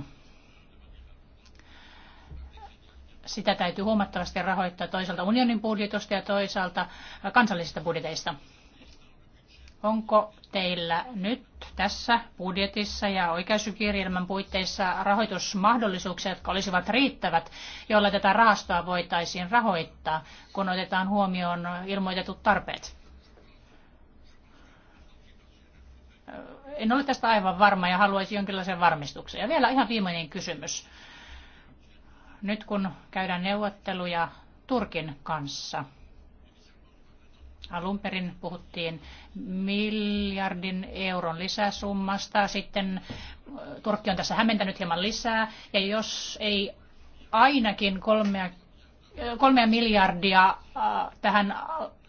Sitä täytyy huomattavasti rahoittaa toisaalta unionin budjetista ja toisaalta kansallisista budjeteista. Onko teillä nyt tässä budjetissa ja oikeusykirjelmän puitteissa rahoitusmahdollisuuksia, jotka olisivat riittävät, joilla tätä rahastoa voitaisiin rahoittaa, kun otetaan huomioon ilmoitetut tarpeet? En ole tästä aivan varma ja haluaisin jonkinlaisen varmistuksen. Ja vielä ihan viimeinen kysymys. Nyt kun käydään neuvotteluja Turkin kanssa – Alun perin puhuttiin miljardin euron lisäsummasta, sitten äh, Turkki on tässä hämmentänyt hieman lisää, ja jos ei ainakin kolmea, äh, kolmea miljardia äh, tähän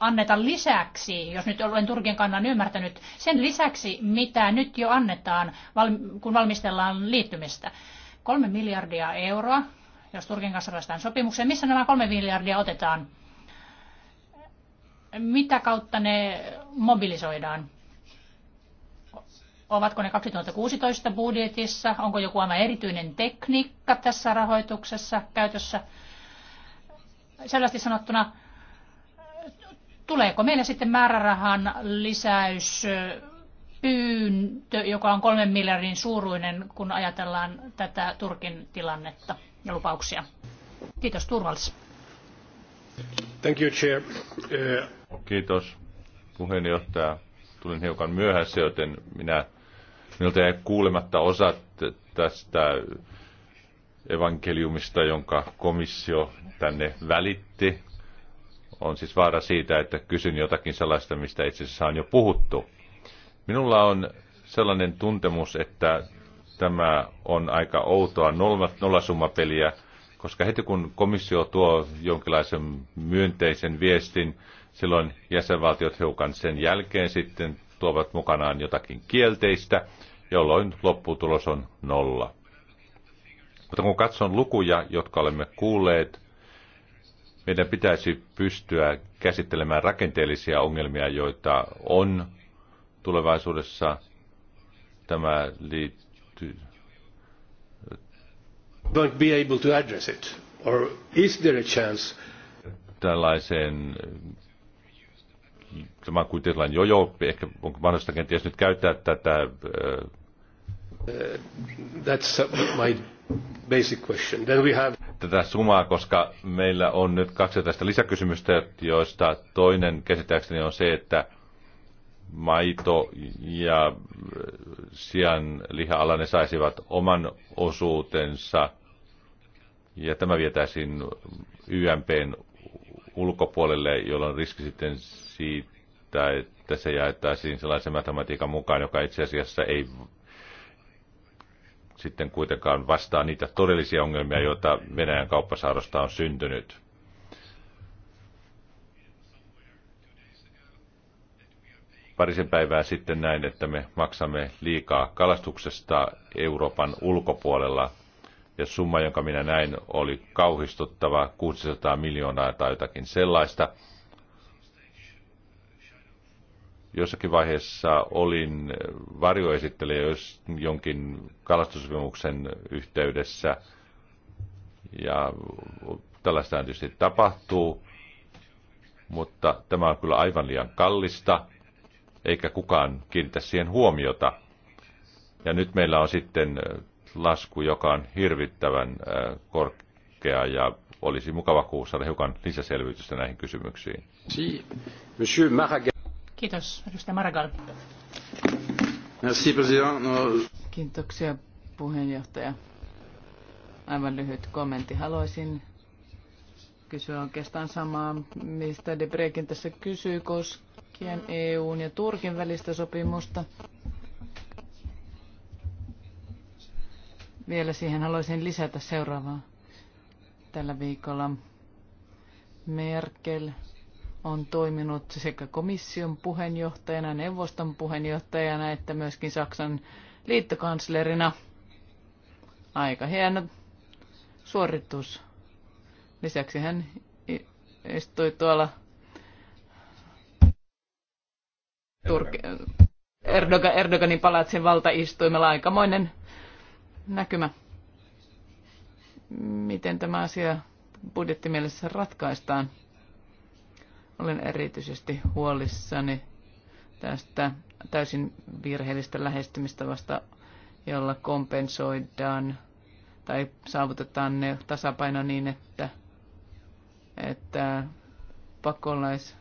anneta lisäksi, jos nyt olen Turkin kannan ymmärtänyt, sen lisäksi, mitä nyt jo annetaan, kun valmistellaan liittymistä. Kolme miljardia euroa, jos Turkin kanssa päästään sopimukseen, missä nämä kolme miljardia otetaan? mitä kautta ne mobilisoidaan? Ovatko ne 2016 budjetissa? Onko joku aivan erityinen tekniikka tässä rahoituksessa käytössä? Sellaisesti sanottuna, tuleeko meille sitten määrärahan lisäys pyyntö, joka on kolmen miljardin suuruinen, kun ajatellaan tätä Turkin tilannetta ja lupauksia? Kiitos, turvallis. Thank you, Chair. Uh... Kiitos puheenjohtaja. Tulin hiukan myöhässä, joten minä, minulta jäi kuulematta osat tästä evankeliumista, jonka komissio tänne välitti. On siis vaara siitä, että kysyn jotakin sellaista, mistä itse asiassa on jo puhuttu. Minulla on sellainen tuntemus, että tämä on aika outoa nollasummapeliä, koska heti kun komissio tuo jonkinlaisen myönteisen viestin, silloin jäsenvaltiot hiukan sen jälkeen sitten tuovat mukanaan jotakin kielteistä, jolloin lopputulos on nolla. Mutta kun katson lukuja, jotka olemme kuulleet, meidän pitäisi pystyä käsittelemään rakenteellisia ongelmia, joita on tulevaisuudessa. Tämä liittyy. Won't be able to address it. Or is there a chance? Tällaiseen sama kuin kuitenkin jojo, ehkä onko mahdollista kenties nyt käyttää tätä... Uh, that's my basic question. Then we have... Tätä sumaa, koska meillä on nyt kaksi tästä lisäkysymystä, joista toinen käsittääkseni on se, että maito ja äh, sian liha ne saisivat oman osuutensa ja tämä vietäisiin YMPn ulkopuolelle, jolloin riski sitten siitä, että se jaettaisiin sellaisen matematiikan mukaan, joka itse asiassa ei sitten kuitenkaan vastaa niitä todellisia ongelmia, joita Venäjän kauppasaarosta on syntynyt. parisen päivää sitten näin, että me maksamme liikaa kalastuksesta Euroopan ulkopuolella ja summa, jonka minä näin, oli kauhistuttava 600 miljoonaa tai jotakin sellaista. Jossakin vaiheessa olin varjoesittelijä jonkin kalastusvimuksen yhteydessä. Ja tällaista tietysti tapahtuu, mutta tämä on kyllä aivan liian kallista, eikä kukaan kiinnitä siihen huomiota. Ja nyt meillä on sitten lasku, joka on hirvittävän äh, korkea ja olisi mukava kuulla saada hiukan lisäselvitystä näihin kysymyksiin. Kiitos, edustaja Maragall. No. Kiitoksia, puheenjohtaja. Aivan lyhyt kommentti. Haluaisin kysyä oikeastaan samaa, mistä Debrekin tässä kysyy koskien EUn ja Turkin välistä sopimusta. Vielä siihen haluaisin lisätä seuraavaa. Tällä viikolla Merkel on toiminut sekä komission puheenjohtajana, neuvoston puheenjohtajana että myöskin Saksan liittokanslerina. Aika hieno suoritus. Lisäksi hän istui tuolla Erdogan, Erdoganin palatsin valtaistuimella aikamoinen näkymä, miten tämä asia budjettimielessä ratkaistaan. Olen erityisesti huolissani tästä täysin virheellistä vasta, jolla kompensoidaan tai saavutetaan ne tasapaino niin, että, että pakolais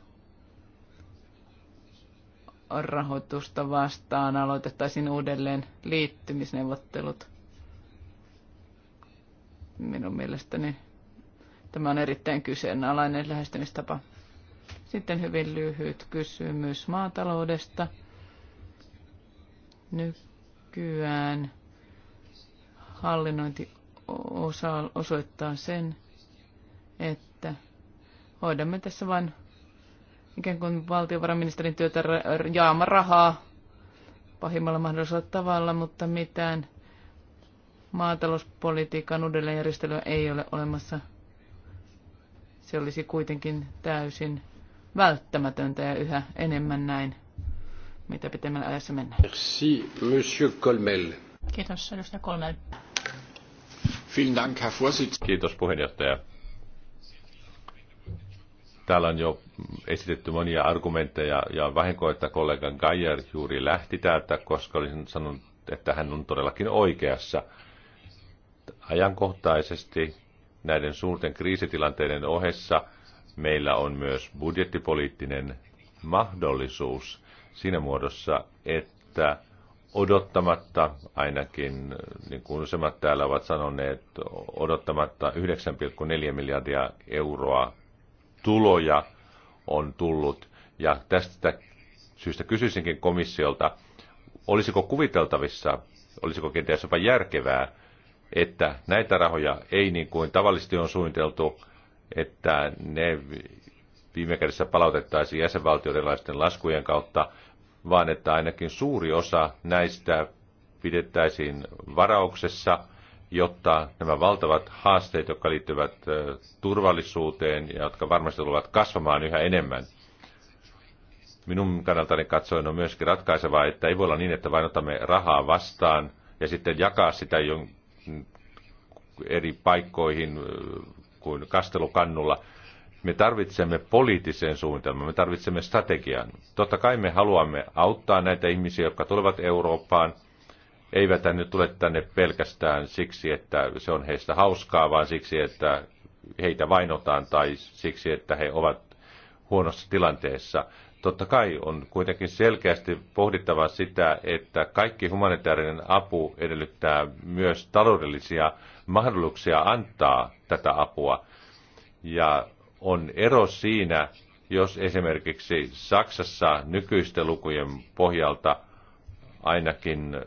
rahoitusta vastaan aloitettaisiin uudelleen liittymisneuvottelut. Minun mielestäni tämä on erittäin kyseenalainen lähestymistapa. Sitten hyvin lyhyt kysymys maataloudesta. Nykyään hallinnointi osa osoittaa sen, että hoidamme tässä vain ikään kuin valtiovarainministerin työtä jaama rahaa pahimmalla mahdollisella tavalla, mutta mitään maatalouspolitiikan uudelleenjärjestelyä ei ole olemassa. Se olisi kuitenkin täysin välttämätöntä ja yhä enemmän näin, mitä pitemmällä ajassa mennään. Merci, Monsieur Colmel. Kiitos, edustaja Colmel. Vielen Dank, Herr Kiitos, puheenjohtaja. Täällä on jo esitetty monia argumentteja ja vahinko, että kollega Geyer juuri lähti täältä, koska olisin sanonut, että hän on todellakin oikeassa – ajankohtaisesti näiden suurten kriisitilanteiden ohessa meillä on myös budjettipoliittinen mahdollisuus siinä muodossa, että odottamatta, ainakin niin kuin useimmat täällä ovat sanoneet, odottamatta 9,4 miljardia euroa tuloja on tullut. Ja tästä syystä kysyisinkin komissiolta, olisiko kuviteltavissa, olisiko kenties jopa järkevää, että näitä rahoja ei niin kuin tavallisesti on suunniteltu, että ne viime kädessä palautettaisiin jäsenvaltioiden laskujen kautta, vaan että ainakin suuri osa näistä pidettäisiin varauksessa, jotta nämä valtavat haasteet, jotka liittyvät turvallisuuteen ja jotka varmasti tulevat kasvamaan yhä enemmän, minun kannaltani katsoen on myöskin ratkaisevaa, että ei voi olla niin, että vain otamme rahaa vastaan ja sitten jakaa sitä eri paikkoihin kuin kastelukannulla. Me tarvitsemme poliittisen suunnitelman, me tarvitsemme strategian. Totta kai me haluamme auttaa näitä ihmisiä, jotka tulevat Eurooppaan. Eivät nyt tule tänne pelkästään siksi, että se on heistä hauskaa, vaan siksi, että heitä vainotaan tai siksi, että he ovat huonossa tilanteessa. Totta kai on kuitenkin selkeästi pohdittava sitä, että kaikki humanitaarinen apu edellyttää myös taloudellisia mahdollisuuksia antaa tätä apua. Ja on ero siinä, jos esimerkiksi Saksassa nykyisten lukujen pohjalta ainakin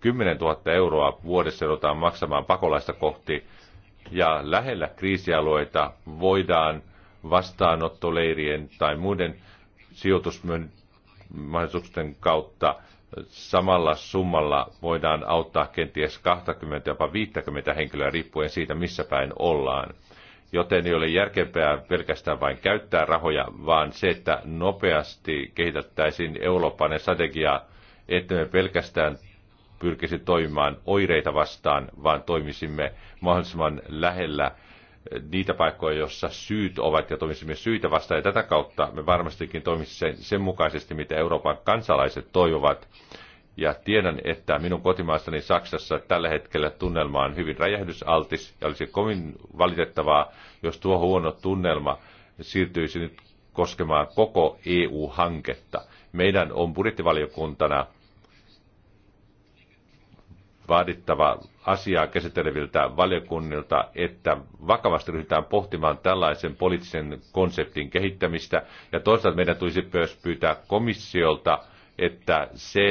10 äh, 000 euroa vuodessa joudutaan maksamaan pakolaista kohti, ja lähellä kriisialueita voidaan vastaanottoleirien tai muiden sijoitusmahdollisuuksien kautta samalla summalla voidaan auttaa kenties 20 jopa 50 henkilöä riippuen siitä, missä päin ollaan. Joten ei ole järkempää pelkästään vain käyttää rahoja, vaan se, että nopeasti kehitettäisiin eurooppalainen strategia, että me pelkästään pyrkisi toimimaan oireita vastaan, vaan toimisimme mahdollisimman lähellä niitä paikkoja, joissa syyt ovat ja toimisimme syitä vastaan. Ja tätä kautta me varmastikin toimisimme sen, sen mukaisesti, mitä Euroopan kansalaiset toivovat. Ja tiedän, että minun kotimaassani Saksassa tällä hetkellä tunnelma on hyvin räjähdysaltis ja olisi kovin valitettavaa, jos tuo huono tunnelma siirtyisi nyt koskemaan koko EU-hanketta. Meidän on budjettivaliokuntana vaadittava asiaa käsiteleviltä valiokunnilta, että vakavasti ryhdytään pohtimaan tällaisen poliittisen konseptin kehittämistä. Ja toisaalta meidän tulisi myös pyytää komissiolta, että se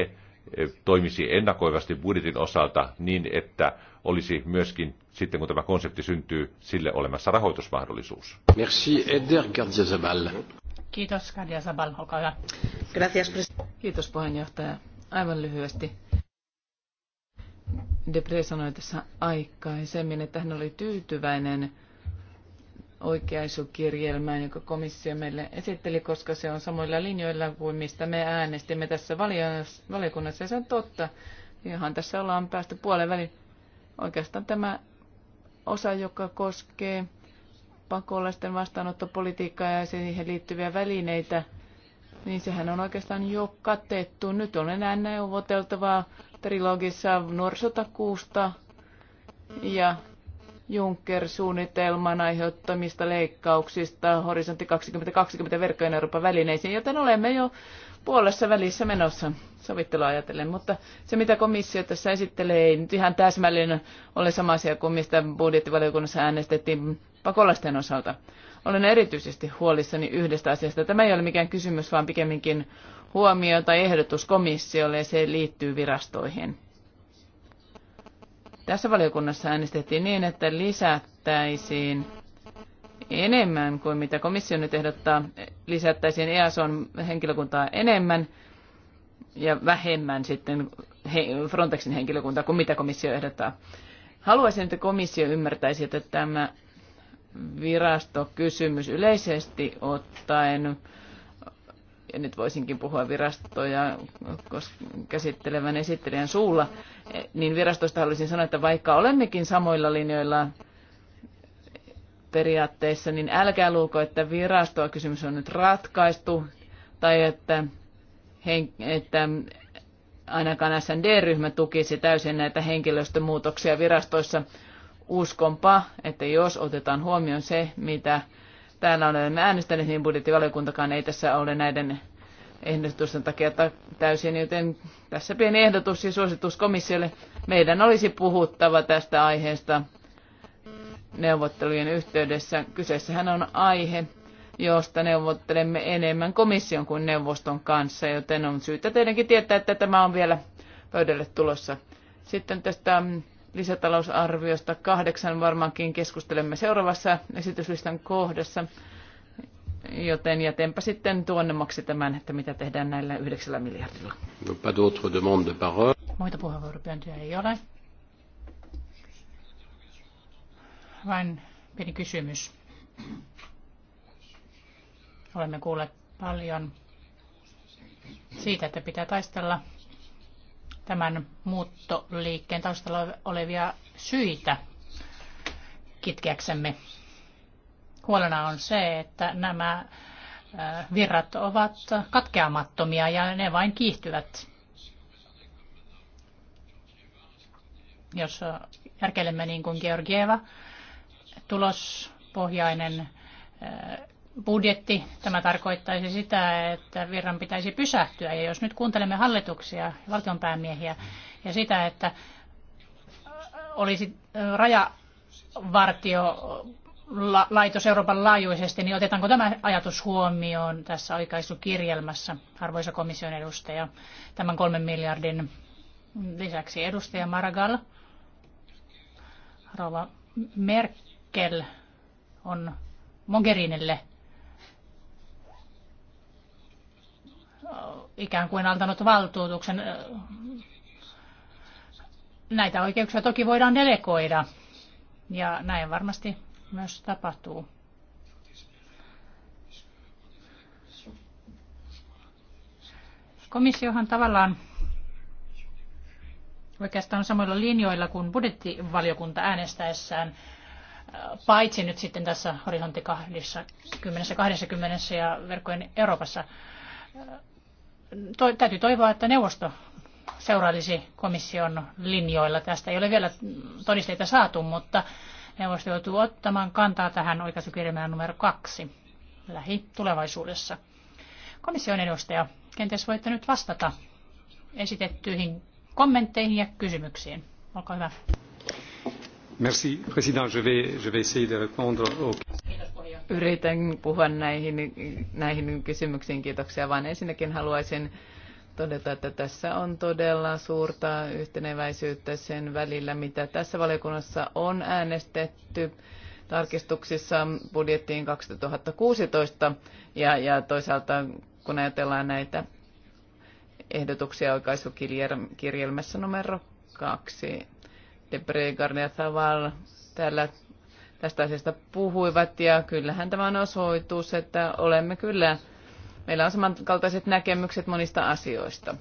eh, toimisi ennakoivasti budjetin osalta niin, että olisi myöskin sitten, kun tämä konsepti syntyy, sille olemassa rahoitusmahdollisuus. Merci, Eder Gardiazabal. Kiitos, Gardiazabal, olkaa hyvä. Gracias, Kiitos, puheenjohtaja. Aivan lyhyesti Depre sanoi tässä aikaisemmin, että hän oli tyytyväinen oikeaisukirjelmään, joka komissio meille esitteli, koska se on samoilla linjoilla kuin mistä me äänestimme tässä valiokunnassa. Ja se on totta. Ihan tässä ollaan päästy puolen väliin. Oikeastaan tämä osa, joka koskee pakolaisten vastaanottopolitiikkaa ja siihen liittyviä välineitä – niin sehän on oikeastaan jo katettu. Nyt on enää neuvoteltavaa trilogissa nuorisotakuusta ja Juncker-suunnitelman aiheuttamista leikkauksista horisontti 2020 verkkojen Euroopan välineisiin, joten olemme jo puolessa välissä menossa sovittelua ajatellen. Mutta se, mitä komissio tässä esittelee, ei nyt ihan täsmällinen ole sama asia kuin mistä budjettivaliokunnassa äänestettiin pakolaisten osalta. Olen erityisesti huolissani yhdestä asiasta. Tämä ei ole mikään kysymys, vaan pikemminkin huomio tai ehdotus komissiolle ja se liittyy virastoihin. Tässä valiokunnassa äänestettiin niin, että lisättäisiin enemmän kuin mitä komissio nyt ehdottaa, lisättäisiin EASOn henkilökuntaa enemmän ja vähemmän sitten Frontexin henkilökuntaa kuin mitä komissio ehdottaa. Haluaisin, että komissio ymmärtäisi, että tämä virastokysymys yleisesti ottaen. Ja nyt voisinkin puhua virastoja käsittelevän esittelijän suulla. Niin virastosta haluaisin sanoa, että vaikka olemmekin samoilla linjoilla periaatteessa, niin älkää luuko, että virastoa kysymys on nyt ratkaistu tai että, hen, että ainakaan SND-ryhmä tukisi täysin näitä henkilöstömuutoksia virastoissa Uskonpa, että jos otetaan huomioon se, mitä täällä olemme äänestäneet, niin budjettivaliokuntakaan ei tässä ole näiden ehdotusten takia täysin, joten tässä pieni ehdotus ja suositus komissiolle. Meidän olisi puhuttava tästä aiheesta neuvottelujen yhteydessä. Kyseessähän on aihe, josta neuvottelemme enemmän komission kuin neuvoston kanssa, joten on syytä teidänkin tietää, että tämä on vielä pöydälle tulossa. Sitten tästä mm, lisätalousarviosta kahdeksan varmaankin keskustelemme seuraavassa esityslistan kohdassa. Joten jätänpä sitten tuonnemmaksi tämän, että mitä tehdään näillä yhdeksällä miljardilla. No, Muita puheenvuoropyyntöjä ei ole. Vain pieni kysymys. Olemme kuulleet paljon siitä, että pitää taistella tämän muuttoliikkeen taustalla olevia syitä kitkeäksemme. Huolena on se, että nämä äh, virrat ovat katkeamattomia ja ne vain kiihtyvät. Jos järkelemme niin kuin Georgieva, tulospohjainen äh, budjetti. Tämä tarkoittaisi sitä, että virran pitäisi pysähtyä. Ja jos nyt kuuntelemme hallituksia, valtionpäämiehiä ja sitä, että olisi rajavartio laitos Euroopan laajuisesti, niin otetaanko tämä ajatus huomioon tässä oikaisukirjelmässä, arvoisa komission edustaja, tämän kolmen miljardin lisäksi edustaja Maragall, Rova Merkel on Mogherinille ikään kuin antanut valtuutuksen. Näitä oikeuksia toki voidaan delegoida ja näin varmasti myös tapahtuu. Komissiohan tavallaan oikeastaan samoilla linjoilla kuin budjettivaliokunta äänestäessään, paitsi nyt sitten tässä horisontti 20, 20 ja verkkojen Euroopassa to, täytyy toivoa, että neuvosto seurailisi komission linjoilla. Tästä ei ole vielä todisteita saatu, mutta neuvosto joutuu ottamaan kantaa tähän oikaisukirjelmään numero kaksi lähitulevaisuudessa. Komission edustaja, kenties voitte nyt vastata esitettyihin kommentteihin ja kysymyksiin. Olkaa hyvä. Merci, président. Je vais, je vais essayer de répondre aux yritän puhua näihin, näihin kysymyksiin. Kiitoksia, vaan ensinnäkin haluaisin todeta, että tässä on todella suurta yhteneväisyyttä sen välillä, mitä tässä valiokunnassa on äänestetty tarkistuksissa budjettiin 2016 ja, ja toisaalta kun ajatellaan näitä ehdotuksia oikaisukirjelmässä numero kaksi. De Bregarne Zaval täällä tästä asiasta puhuivat ja kyllähän tämä on osoitus, että olemme kyllä, meillä on samankaltaiset näkemykset monista asioista.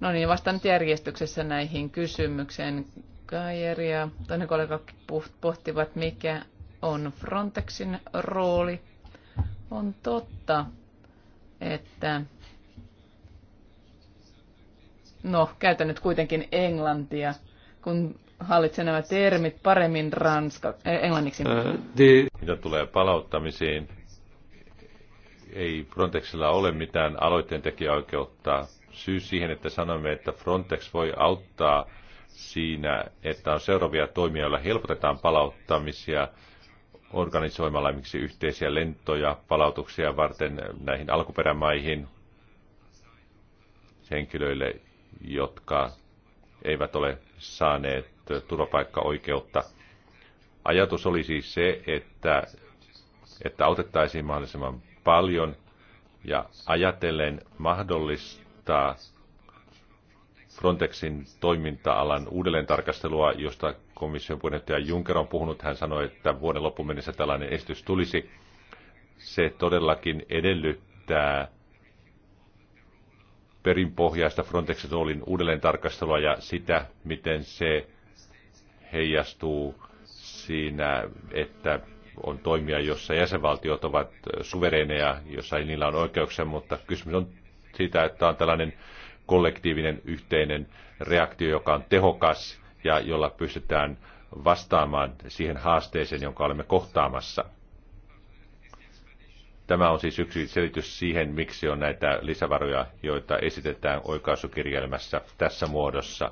No niin, vastaan nyt järjestyksessä näihin kysymykseen. Kajer ja toinen kollega pohtivat, mikä on Frontexin rooli. On totta, että No, käytän nyt kuitenkin englantia, kun hallitsen nämä termit paremmin ranska, eh, englanniksi. Mitä tulee palauttamisiin, ei Frontexilla ole mitään aloitteen tekijäoikeutta. Syy siihen, että sanomme, että Frontex voi auttaa siinä, että on seuraavia toimia, joilla helpotetaan palauttamisia organisoimalla miksi yhteisiä lentoja palautuksia varten näihin alkuperämaihin henkilöille, jotka eivät ole saaneet turvapaikkaoikeutta. Ajatus oli siis se, että, että autettaisiin mahdollisimman paljon ja ajatellen mahdollistaa Frontexin toiminta-alan uudelleentarkastelua, josta komission puheenjohtaja Juncker on puhunut. Hän sanoi, että vuoden loppuun mennessä tällainen esitys tulisi. Se todellakin edellyttää perinpohjaista Frontexin roolin uudelleen tarkastelua ja sitä, miten se heijastuu siinä, että on toimia, jossa jäsenvaltiot ovat suvereineja, jossa niillä on oikeuksia, mutta kysymys on siitä, että on tällainen kollektiivinen yhteinen reaktio, joka on tehokas ja jolla pystytään vastaamaan siihen haasteeseen, jonka olemme kohtaamassa – Tämä on siis yksi selitys siihen, miksi on näitä lisävaroja, joita esitetään oikaisukirjelmässä tässä muodossa.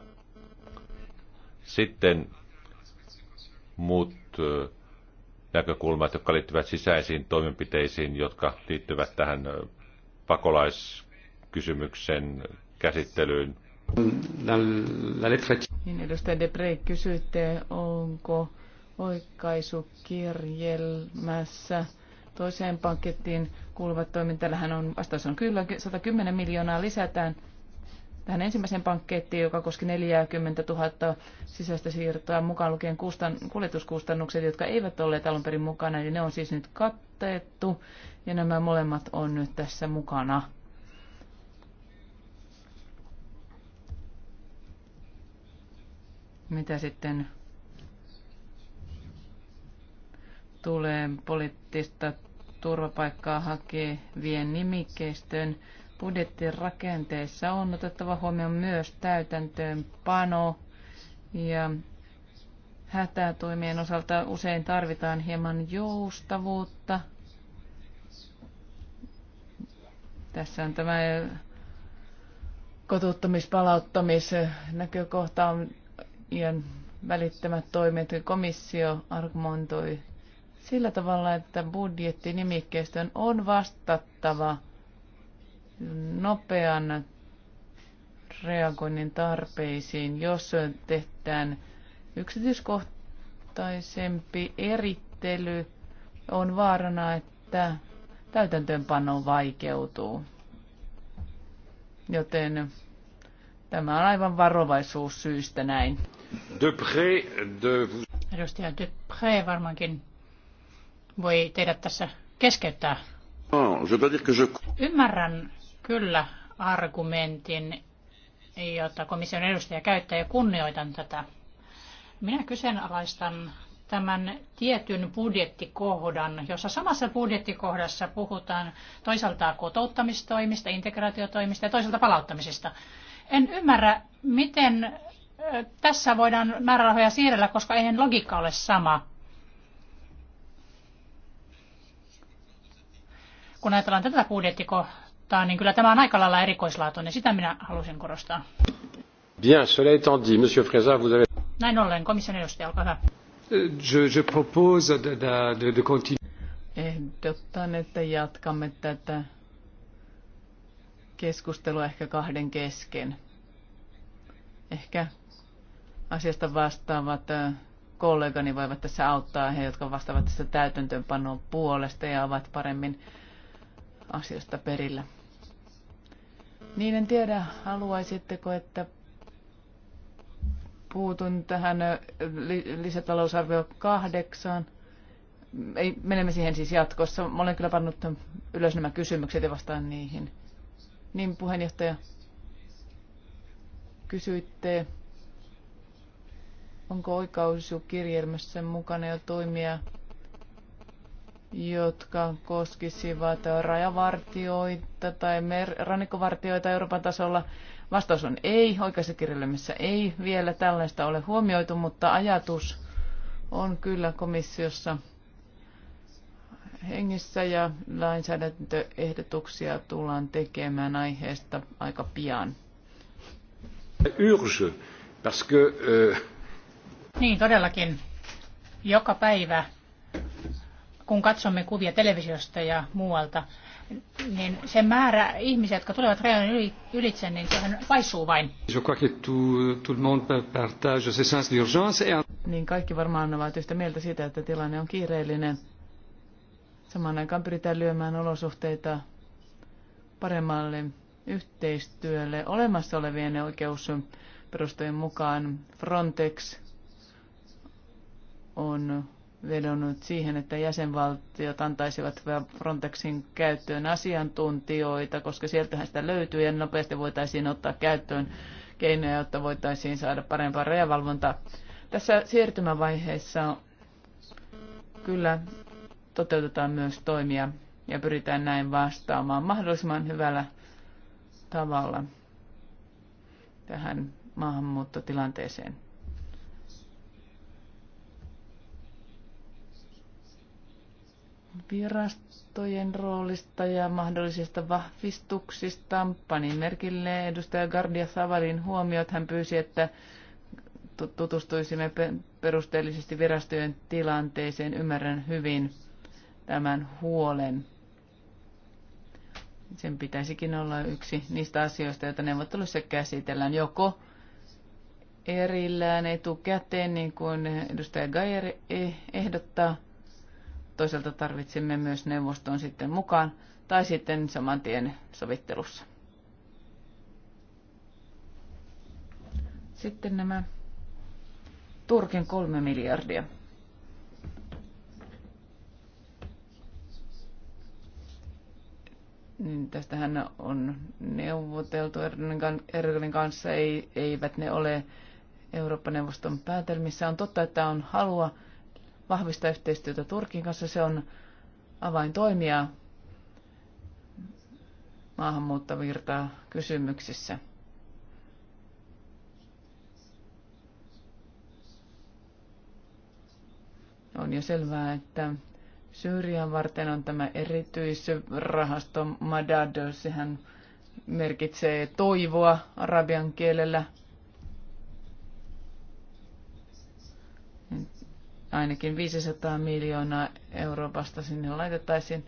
Sitten muut näkökulmat, jotka liittyvät sisäisiin toimenpiteisiin, jotka liittyvät tähän pakolaiskysymyksen käsittelyyn. Niin, edustaja Debre, kysyitte, onko oikaisukirjelmässä toiseen pakettiin kuuluvat toiminta. Tällähän on, vastaus on kyllä, 110 miljoonaa lisätään tähän ensimmäiseen pankkeettiin, joka koski 40 000 sisäistä siirtoa, mukaan lukien kustan, kuljetuskustannukset, jotka eivät olleet alun perin mukana, eli ne on siis nyt katteettu, ja nämä molemmat on nyt tässä mukana. Mitä sitten tulee poliittista turvapaikkaa hakevien nimikkeistön budjettirakenteessa on otettava huomioon myös täytäntöönpano ja hätätoimien osalta usein tarvitaan hieman joustavuutta. Tässä on tämä kotouttamispalauttamisnäkökohta ja välittömät toimet. Komissio argumentoi sillä tavalla, että budjettinimikkeistön on vastattava nopean reagoinnin tarpeisiin, jos tehdään yksityiskohtaisempi erittely, on vaarana, että täytäntöönpano vaikeutuu. Joten tämä on aivan varovaisuussyistä näin. près de... Edustaja Dupré varmaankin voi teidät tässä keskeyttää. No, Ymmärrän kyllä argumentin, jota komission edustaja käyttää ja kunnioitan tätä. Minä kyseenalaistan tämän tietyn budjettikohdan, jossa samassa budjettikohdassa puhutaan toisaalta kotouttamistoimista, integraatiotoimista ja toisaalta palauttamisista. En ymmärrä, miten tässä voidaan määrärahoja siirrellä, koska eihän logiikka ole sama. kun ajatellaan tätä budjettikohtaa, niin kyllä tämä on aika lailla erikoislaatuinen. Sitä minä halusin korostaa. Bien, cela étant dit, monsieur Freza, vous avez... Näin ollen, komission edustaja, olkaa hyvä. Je, je propose de, de, de continue. Ehdotan, että jatkamme tätä keskustelua ehkä kahden kesken. Ehkä asiasta vastaavat äh, kollegani voivat tässä auttaa, he jotka vastaavat tässä täytäntöönpanon puolesta ja ovat paremmin asiasta perillä. Niin en tiedä, haluaisitteko, että puutun tähän lisätalousarvio kahdeksaan. Ei, menemme siihen siis jatkossa. Mä olen kyllä pannut ylös nämä kysymykset ja vastaan niihin. Niin, puheenjohtaja, kysyitte, onko kirjelmässä mukana jo toimia jotka koskisivat rajavartioita tai mer- rannikkovartioita Euroopan tasolla. Vastaus on ei, oikeassa kirjelmässä ei vielä tällaista ole huomioitu, mutta ajatus on kyllä komissiossa hengissä ja lainsäädäntöehdotuksia tullaan tekemään aiheesta aika pian. Urge, parce que, euh, Niin, todellakin. Joka päivä kun katsomme kuvia televisiosta ja muualta, niin se määrä ihmisiä, jotka tulevat rajan ylitse, niin sehän paisuu vain. Niin kaikki varmaan ovat yhtä mieltä siitä, että tilanne on kiireellinen. Samaan aikaan pyritään lyömään olosuhteita paremmalle yhteistyölle olemassa olevien oikeusperustojen mukaan. Frontex on vedonnut siihen, että jäsenvaltiot antaisivat Frontexin käyttöön asiantuntijoita, koska sieltähän sitä löytyy ja nopeasti voitaisiin ottaa käyttöön keinoja, jotta voitaisiin saada parempaa rajavalvontaa. Tässä siirtymävaiheessa kyllä toteutetaan myös toimia ja pyritään näin vastaamaan mahdollisimman hyvällä tavalla tähän maahanmuuttotilanteeseen. virastojen roolista ja mahdollisista vahvistuksista. Pani merkille edustaja Gardia Savarin huomiot. Hän pyysi, että tutustuisimme perusteellisesti virastojen tilanteeseen. Ymmärrän hyvin tämän huolen. Sen pitäisikin olla yksi niistä asioista, joita neuvottelussa käsitellään joko erillään etukäteen, niin kuin edustaja Gajer e- ehdottaa, toisaalta tarvitsemme myös neuvoston sitten mukaan tai sitten saman tien sovittelussa. Sitten nämä Turkin kolme miljardia. Niin tästähän on neuvoteltu Erdoganin kanssa, ei, eivät ne ole Eurooppa-neuvoston päätelmissä. On totta, että on halua vahvistaa yhteistyötä Turkin kanssa. Se on avain toimia maahanmuuttavirtaa kysymyksissä. On jo selvää, että Syyrian varten on tämä erityisrahasto Madad. Sehän merkitsee toivoa arabian kielellä – ainakin 500 miljoonaa Euroopasta sinne laitettaisiin.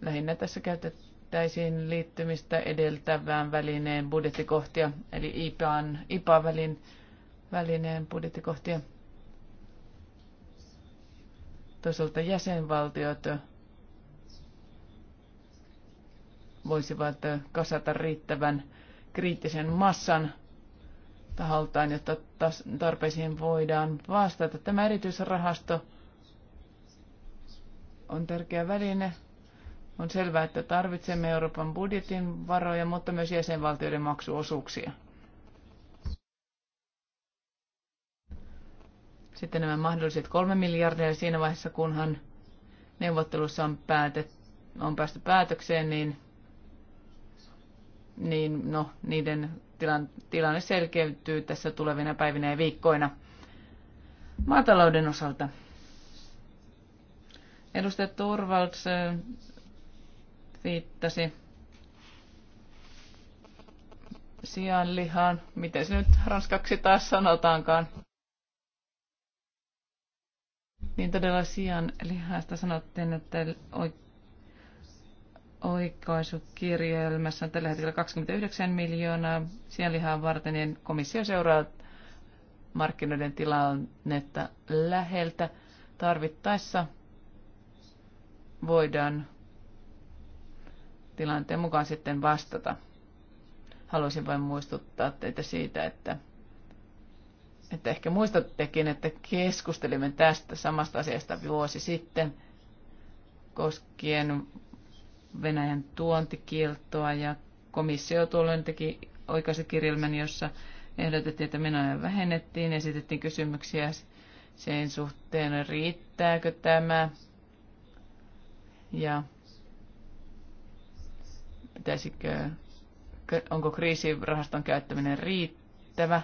Lähinnä tässä käytettäisiin liittymistä edeltävään välineen budjettikohtia, eli IPAn, IPA-välin välineen budjettikohtia. Toisaalta jäsenvaltiot voisivat kasata riittävän kriittisen massan taholtaan, jotta tarpeisiin voidaan vastata. Tämä erityisrahasto on tärkeä väline. On selvää, että tarvitsemme Euroopan budjetin varoja, mutta myös jäsenvaltioiden maksuosuuksia. Sitten nämä mahdolliset kolme miljardia siinä vaiheessa, kunhan neuvottelussa on, päätet, on päästy päätökseen, niin, niin no, niiden tilanne selkeytyy tässä tulevina päivinä ja viikkoina. Maatalouden osalta. Edustaja Turvalds viittasi sianlihaan. Miten se nyt ranskaksi taas sanotaankaan? Niin todella sianlihasta sanottiin, että oikaisukirjelmässä on tällä hetkellä 29 miljoonaa sianlihaa varten, niin komissio seuraa markkinoiden tilannetta läheltä. Tarvittaessa voidaan tilanteen mukaan sitten vastata. Haluaisin vain muistuttaa teitä siitä, että, että ehkä muistattekin, että keskustelimme tästä samasta asiasta vuosi sitten koskien Venäjän tuontikieltoa ja komissio tuolloin teki oikaisikirjelmän, jossa ehdotettiin, että menoja vähennettiin. Esitettiin kysymyksiä sen suhteen, riittääkö tämä ja pitäisikö, onko kriisirahaston käyttäminen riittävä.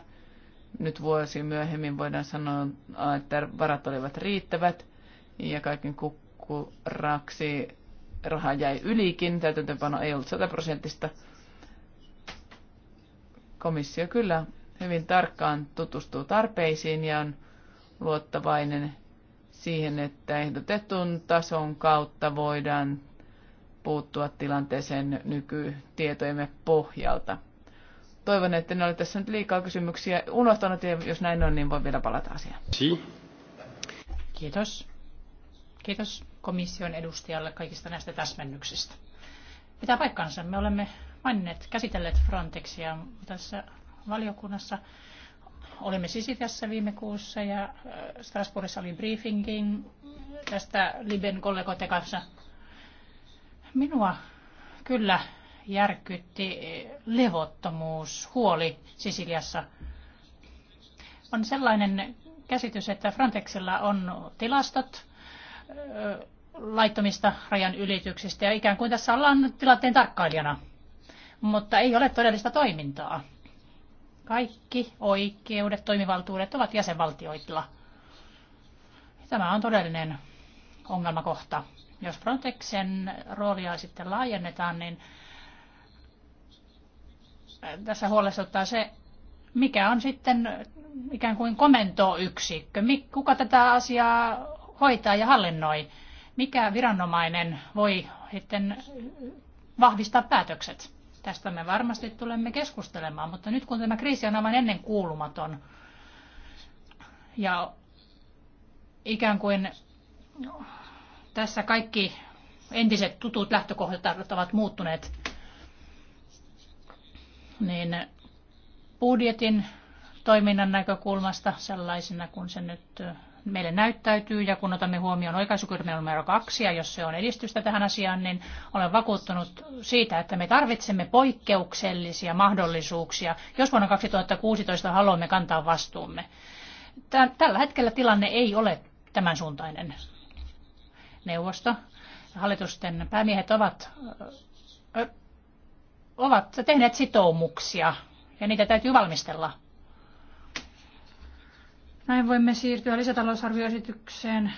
Nyt vuosi myöhemmin voidaan sanoa, että varat olivat riittävät ja kaiken kukkuraksi raha jäi ylikin, täytäntöönpano ei ollut 100 prosenttista. Komissio kyllä hyvin tarkkaan tutustuu tarpeisiin ja on luottavainen siihen, että ehdotetun tason kautta voidaan puuttua tilanteeseen nykytietojemme pohjalta. Toivon, että ne olivat tässä nyt liikaa kysymyksiä unohtanut, ja jos näin on, niin voi vielä palata asiaan. Si. Kiitos. Kiitos komission edustajalle kaikista näistä täsmennyksistä. Pitää paikkansa. Me olemme maininneet, käsitelleet Frontexia tässä valiokunnassa. Olimme Sisitässä viime kuussa ja äh, Strasbourgissa oli briefingin tästä Liben kollegoiden kanssa. Minua kyllä järkytti äh, levottomuus, huoli Sisiliassa. On sellainen käsitys, että Frontexilla on tilastot, äh, laittomista rajan ylityksistä ja ikään kuin tässä ollaan tilanteen tarkkailijana, mutta ei ole todellista toimintaa. Kaikki oikeudet, toimivaltuudet ovat jäsenvaltioilla. Tämä on todellinen ongelmakohta. Jos Frontexen roolia sitten laajennetaan, niin tässä huolestuttaa se, mikä on sitten ikään kuin komentoyksikkö, kuka tätä asiaa hoitaa ja hallinnoi mikä viranomainen voi sitten vahvistaa päätökset. Tästä me varmasti tulemme keskustelemaan, mutta nyt kun tämä kriisi on aivan ennen kuulumaton ja ikään kuin tässä kaikki entiset tutut lähtökohdat ovat muuttuneet, niin budjetin toiminnan näkökulmasta sellaisena kuin se nyt meille näyttäytyy ja kun otamme huomioon oikaisukyrmen numero kaksi ja jos se on edistystä tähän asiaan, niin olen vakuuttunut siitä, että me tarvitsemme poikkeuksellisia mahdollisuuksia, jos vuonna 2016 haluamme kantaa vastuumme. Tällä hetkellä tilanne ei ole tämän suuntainen. Neuvosto ja hallitusten päämiehet ovat, ovat tehneet sitoumuksia ja niitä täytyy valmistella näin voimme siirtyä lisätalousarvioesitykseen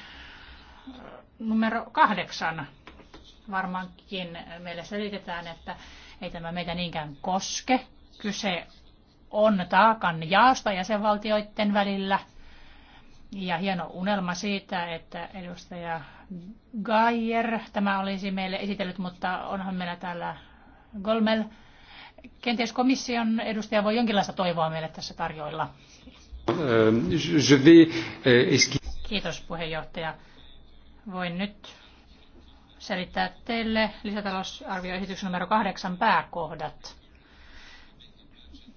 numero kahdeksan. Varmaankin meille selitetään, että ei tämä meitä niinkään koske. Kyse on taakan jaosta jäsenvaltioiden välillä. Ja hieno unelma siitä, että edustaja Gayer, tämä olisi meille esitellyt, mutta onhan meillä täällä Golmel. Kenties komission edustaja voi jonkinlaista toivoa meille tässä tarjoilla. Euh, euh, Kiitos puheenjohtaja. Voin nyt selittää teille lisätalousarvioesityksen numero kahdeksan pääkohdat.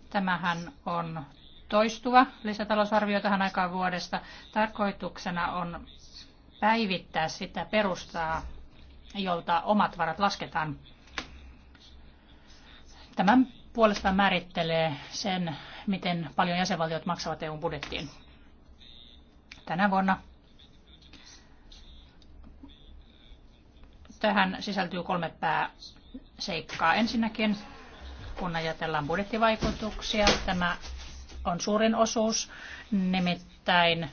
Tämähän on toistuva lisätalousarvio tähän aikaan vuodesta. Tarkoituksena on päivittää sitä perustaa, jolta omat varat lasketaan. Tämän puolestaan määrittelee sen miten paljon jäsenvaltiot maksavat EUn budjettiin. Tänä vuonna tähän sisältyy kolme pääseikkaa. Ensinnäkin, kun ajatellaan budjettivaikutuksia, tämä on suurin osuus, nimittäin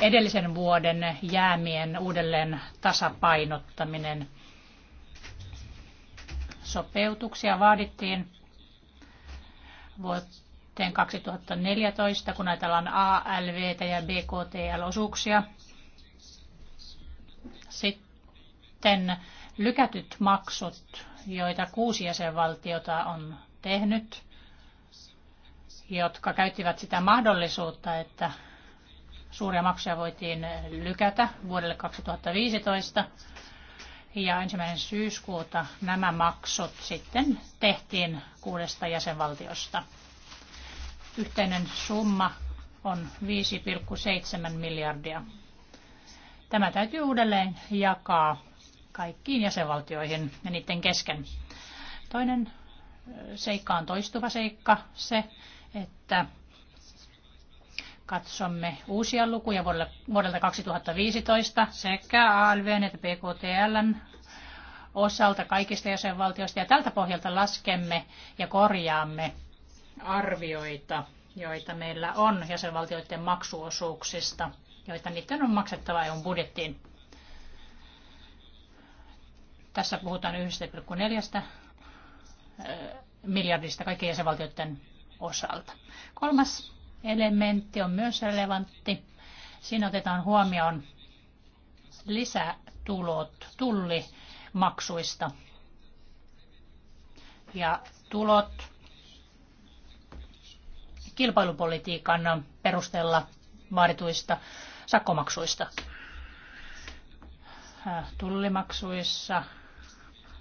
edellisen vuoden jäämien uudelleen tasapainottaminen. Sopeutuksia vaadittiin vuoteen 2014, kun ajatellaan ALV ja BKTL-osuuksia. Sitten lykätyt maksut, joita kuusi jäsenvaltiota on tehnyt, jotka käyttivät sitä mahdollisuutta, että suuria maksuja voitiin lykätä vuodelle 2015 ja ensimmäinen syyskuuta nämä maksut sitten tehtiin kuudesta jäsenvaltiosta. Yhteinen summa on 5,7 miljardia. Tämä täytyy uudelleen jakaa kaikkiin jäsenvaltioihin ja niiden kesken. Toinen seikka on toistuva seikka, se, että katsomme uusia lukuja vuodelta 2015 sekä ALVn että PKTLn osalta kaikista jäsenvaltioista ja tältä pohjalta laskemme ja korjaamme arvioita, joita meillä on jäsenvaltioiden maksuosuuksista, joita niiden on maksettava EUn budjettiin. Tässä puhutaan 1,4 eh, miljardista kaikkien jäsenvaltioiden osalta. Kolmas elementti on myös relevantti. Siinä otetaan huomioon lisätulot tullimaksuista ja tulot kilpailupolitiikan perusteella vaadituista sakkomaksuista. Äh, tullimaksuissa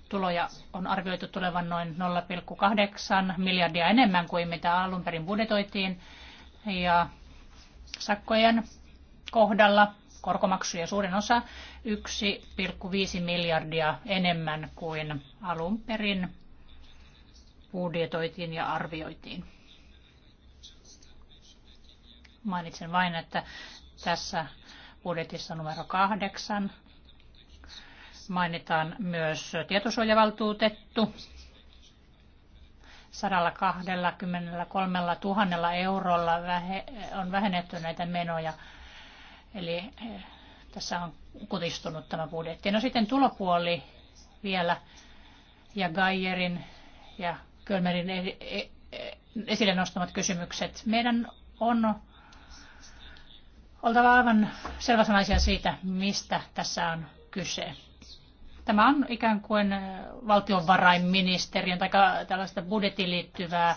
tuloja on arvioitu tulevan noin 0,8 miljardia enemmän kuin mitä alun perin budjetoitiin ja sakkojen kohdalla korkomaksuja suurin osa 1,5 miljardia enemmän kuin alun perin budjetoitiin ja arvioitiin. Mainitsen vain, että tässä budjetissa numero kahdeksan mainitaan myös tietosuojavaltuutettu 123 000 eurolla on vähennetty näitä menoja. Eli eh, tässä on kutistunut tämä budjetti. No sitten tulopuoli vielä ja Gaierin ja Kölmerin e, e, esille nostamat kysymykset. Meidän on oltava aivan selväsanaisia siitä, mistä tässä on kyse. Tämä on ikään kuin valtionvarainministeriön tai tällaista budjettiin liittyvää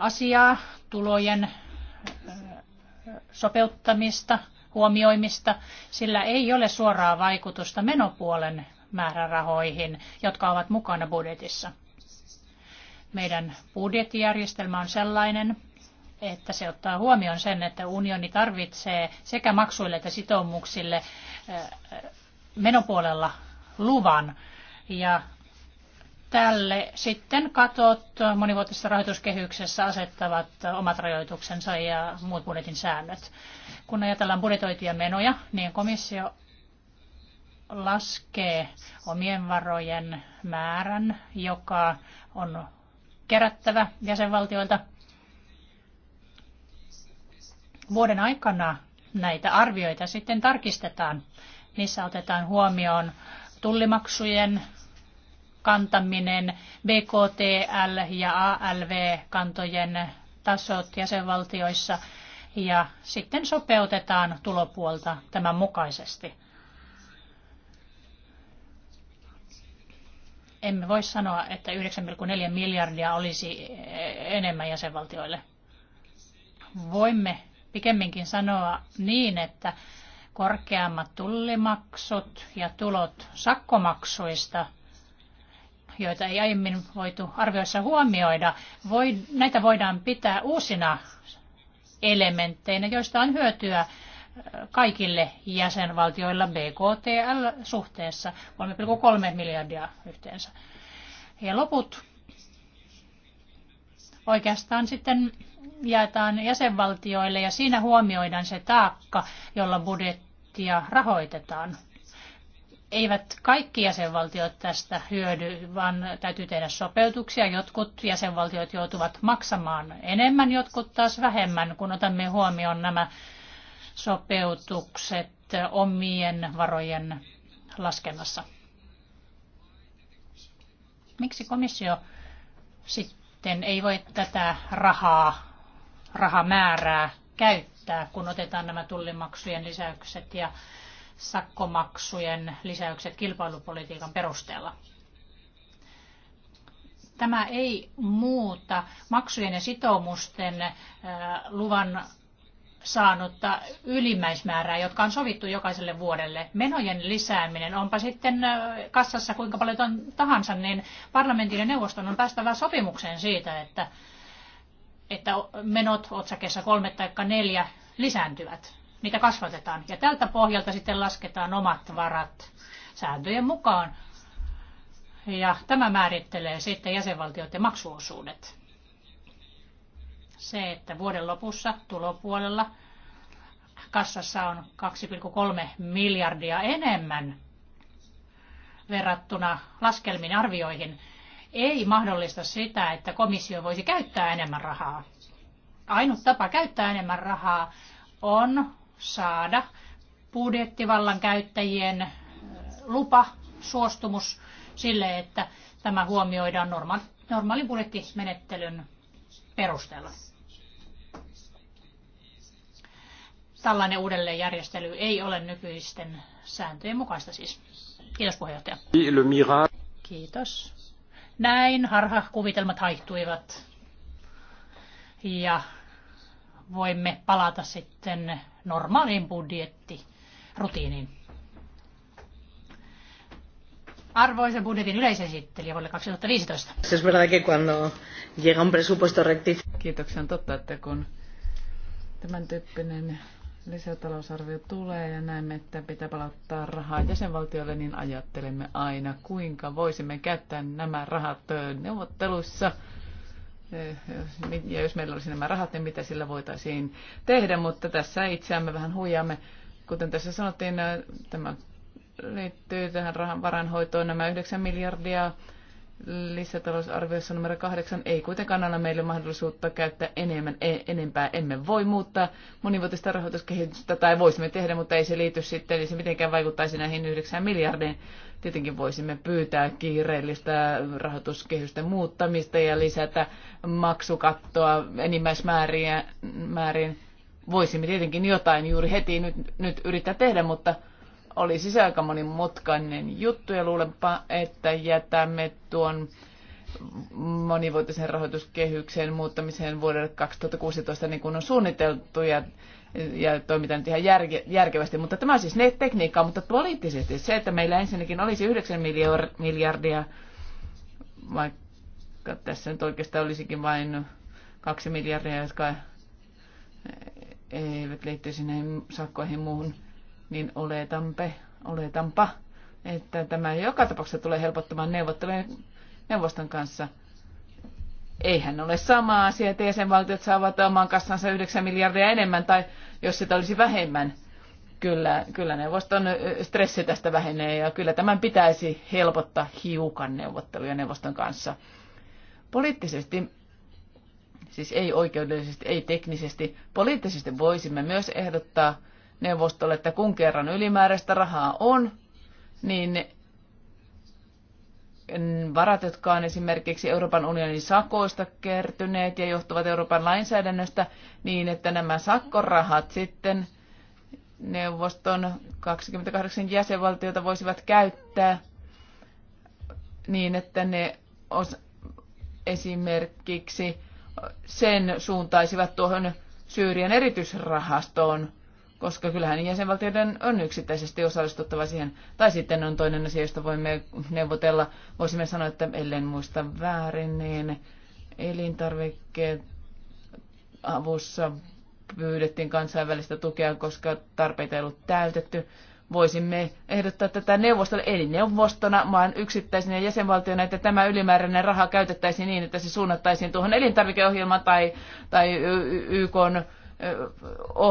asiaa, tulojen sopeuttamista, huomioimista. Sillä ei ole suoraa vaikutusta menopuolen määrärahoihin, jotka ovat mukana budjetissa. Meidän budjettijärjestelmä on sellainen, että se ottaa huomioon sen, että unioni tarvitsee sekä maksuille että sitoumuksille menopuolella luvan. Ja tälle sitten katot monivuotisessa rahoituskehyksessä asettavat omat rajoituksensa ja muut budjetin säännöt. Kun ajatellaan budjetoituja menoja, niin komissio laskee omien varojen määrän, joka on kerättävä jäsenvaltioilta. Vuoden aikana näitä arvioita sitten tarkistetaan. Niissä otetaan huomioon tullimaksujen kantaminen, BKTL ja ALV-kantojen tasot jäsenvaltioissa ja sitten sopeutetaan tulopuolta tämän mukaisesti. Emme voi sanoa, että 9,4 miljardia olisi enemmän jäsenvaltioille. Voimme pikemminkin sanoa niin, että korkeammat tullimaksut ja tulot sakkomaksuista, joita ei aiemmin voitu arvioissa huomioida, voi, näitä voidaan pitää uusina elementteinä, joista on hyötyä kaikille jäsenvaltioilla BKTL-suhteessa 3,3 miljardia yhteensä. Ja loput oikeastaan sitten jaetaan jäsenvaltioille ja siinä huomioidaan se taakka, jolla budjetti prosenttia rahoitetaan. Eivät kaikki jäsenvaltiot tästä hyödy, vaan täytyy tehdä sopeutuksia. Jotkut jäsenvaltiot joutuvat maksamaan enemmän, jotkut taas vähemmän, kun otamme huomioon nämä sopeutukset omien varojen laskennassa. Miksi komissio sitten ei voi tätä rahaa, rahamäärää käyttää? että kun otetaan nämä tullimaksujen lisäykset ja sakkomaksujen lisäykset kilpailupolitiikan perusteella. Tämä ei muuta maksujen ja sitoumusten luvan saanutta ylimmäismäärää, jotka on sovittu jokaiselle vuodelle. Menojen lisääminen, onpa sitten kassassa kuinka paljon tahansa, niin parlamentin ja neuvoston on päästävä sopimukseen siitä, että että menot otsakessa kolme tai neljä lisääntyvät. Niitä kasvatetaan ja tältä pohjalta sitten lasketaan omat varat sääntöjen mukaan. Ja tämä määrittelee sitten jäsenvaltioiden maksuosuudet. Se, että vuoden lopussa tulopuolella kassassa on 2,3 miljardia enemmän verrattuna laskelmin arvioihin, ei mahdollista sitä, että komissio voisi käyttää enemmän rahaa. Ainut tapa käyttää enemmän rahaa on saada budjettivallan käyttäjien äh, lupa, suostumus sille, että tämä huomioidaan normaali, budjettimenettelyn perusteella. Tällainen uudelleenjärjestely ei ole nykyisten sääntöjen mukaista siis. Kiitos puheenjohtaja. Kiitos. Näin harhakuvitelmat haihtuivat. Ja voimme palata sitten normaaliin budjettirutiiniin. Arvoisa budjetin yleisesittelijä vuodelle 2015. Kiitoksia. On totta, että kun tämän tyyppinen lisätalousarvio tulee ja näemme, että pitää palauttaa rahaa jäsenvaltioille, niin ajattelemme aina, kuinka voisimme käyttää nämä rahat neuvotteluissa. Ja jos meillä olisi nämä rahat, niin mitä sillä voitaisiin tehdä, mutta tässä itseämme vähän huijaamme. Kuten tässä sanottiin, tämä liittyy tähän rahan varanhoitoon nämä 9 miljardia lisätalousarviossa numero kahdeksan ei kuitenkaan anna meille mahdollisuutta käyttää enemmän, e, enempää. Emme voi muuttaa monivuotista rahoituskehitystä tai voisimme tehdä, mutta ei se liity sitten, eli se mitenkään vaikuttaisi näihin 9 miljardiin. Tietenkin voisimme pyytää kiireellistä rahoituskehysten muuttamista ja lisätä maksukattoa enimmäismääriin. Voisimme tietenkin jotain juuri heti nyt, nyt yrittää tehdä, mutta oli siis aika monimutkainen juttu ja luulenpa, että jätämme tuon monivuotisen rahoituskehyksen muuttamiseen vuodelle 2016 niin kuin on suunniteltu ja, ja toimitaan ihan järke, järkevästi. Mutta tämä on siis ne tekniikkaa, mutta poliittisesti se, että meillä ensinnäkin olisi 9 miljardia, vaikka tässä nyt oikeastaan olisikin vain 2 miljardia, jotka eivät liittyisi näihin sakkoihin muuhun niin oletampe, oletampa, että tämä joka tapauksessa tulee helpottamaan neuvottelujen neuvoston kanssa. Eihän ole sama asia, että jäsenvaltiot saavat oman kassansa 9 miljardia enemmän, tai jos sitä olisi vähemmän. Kyllä, kyllä neuvoston stressi tästä vähenee, ja kyllä tämän pitäisi helpottaa hiukan neuvotteluja neuvoston kanssa. Poliittisesti, siis ei oikeudellisesti, ei teknisesti, poliittisesti voisimme myös ehdottaa neuvostolle, että kun kerran ylimääräistä rahaa on, niin varat, jotka on esimerkiksi Euroopan unionin sakoista kertyneet ja johtuvat Euroopan lainsäädännöstä, niin että nämä sakkorahat sitten neuvoston 28 jäsenvaltiota voisivat käyttää niin, että ne os- esimerkiksi sen suuntaisivat tuohon Syyrian erityisrahastoon, koska kyllähän jäsenvaltioiden on yksittäisesti osallistuttava siihen. Tai sitten on toinen asia, josta voimme neuvotella. Voisimme sanoa, että ellen muista väärin, niin elintarvikkeet avussa pyydettiin kansainvälistä tukea, koska tarpeita ei ollut täytetty. Voisimme ehdottaa tätä neuvostolle, eli neuvostona, vaan yksittäisenä jäsenvaltiona, että tämä ylimääräinen raha käytettäisiin niin, että se suunnattaisiin tuohon elintarvikeohjelmaan tai, tai YK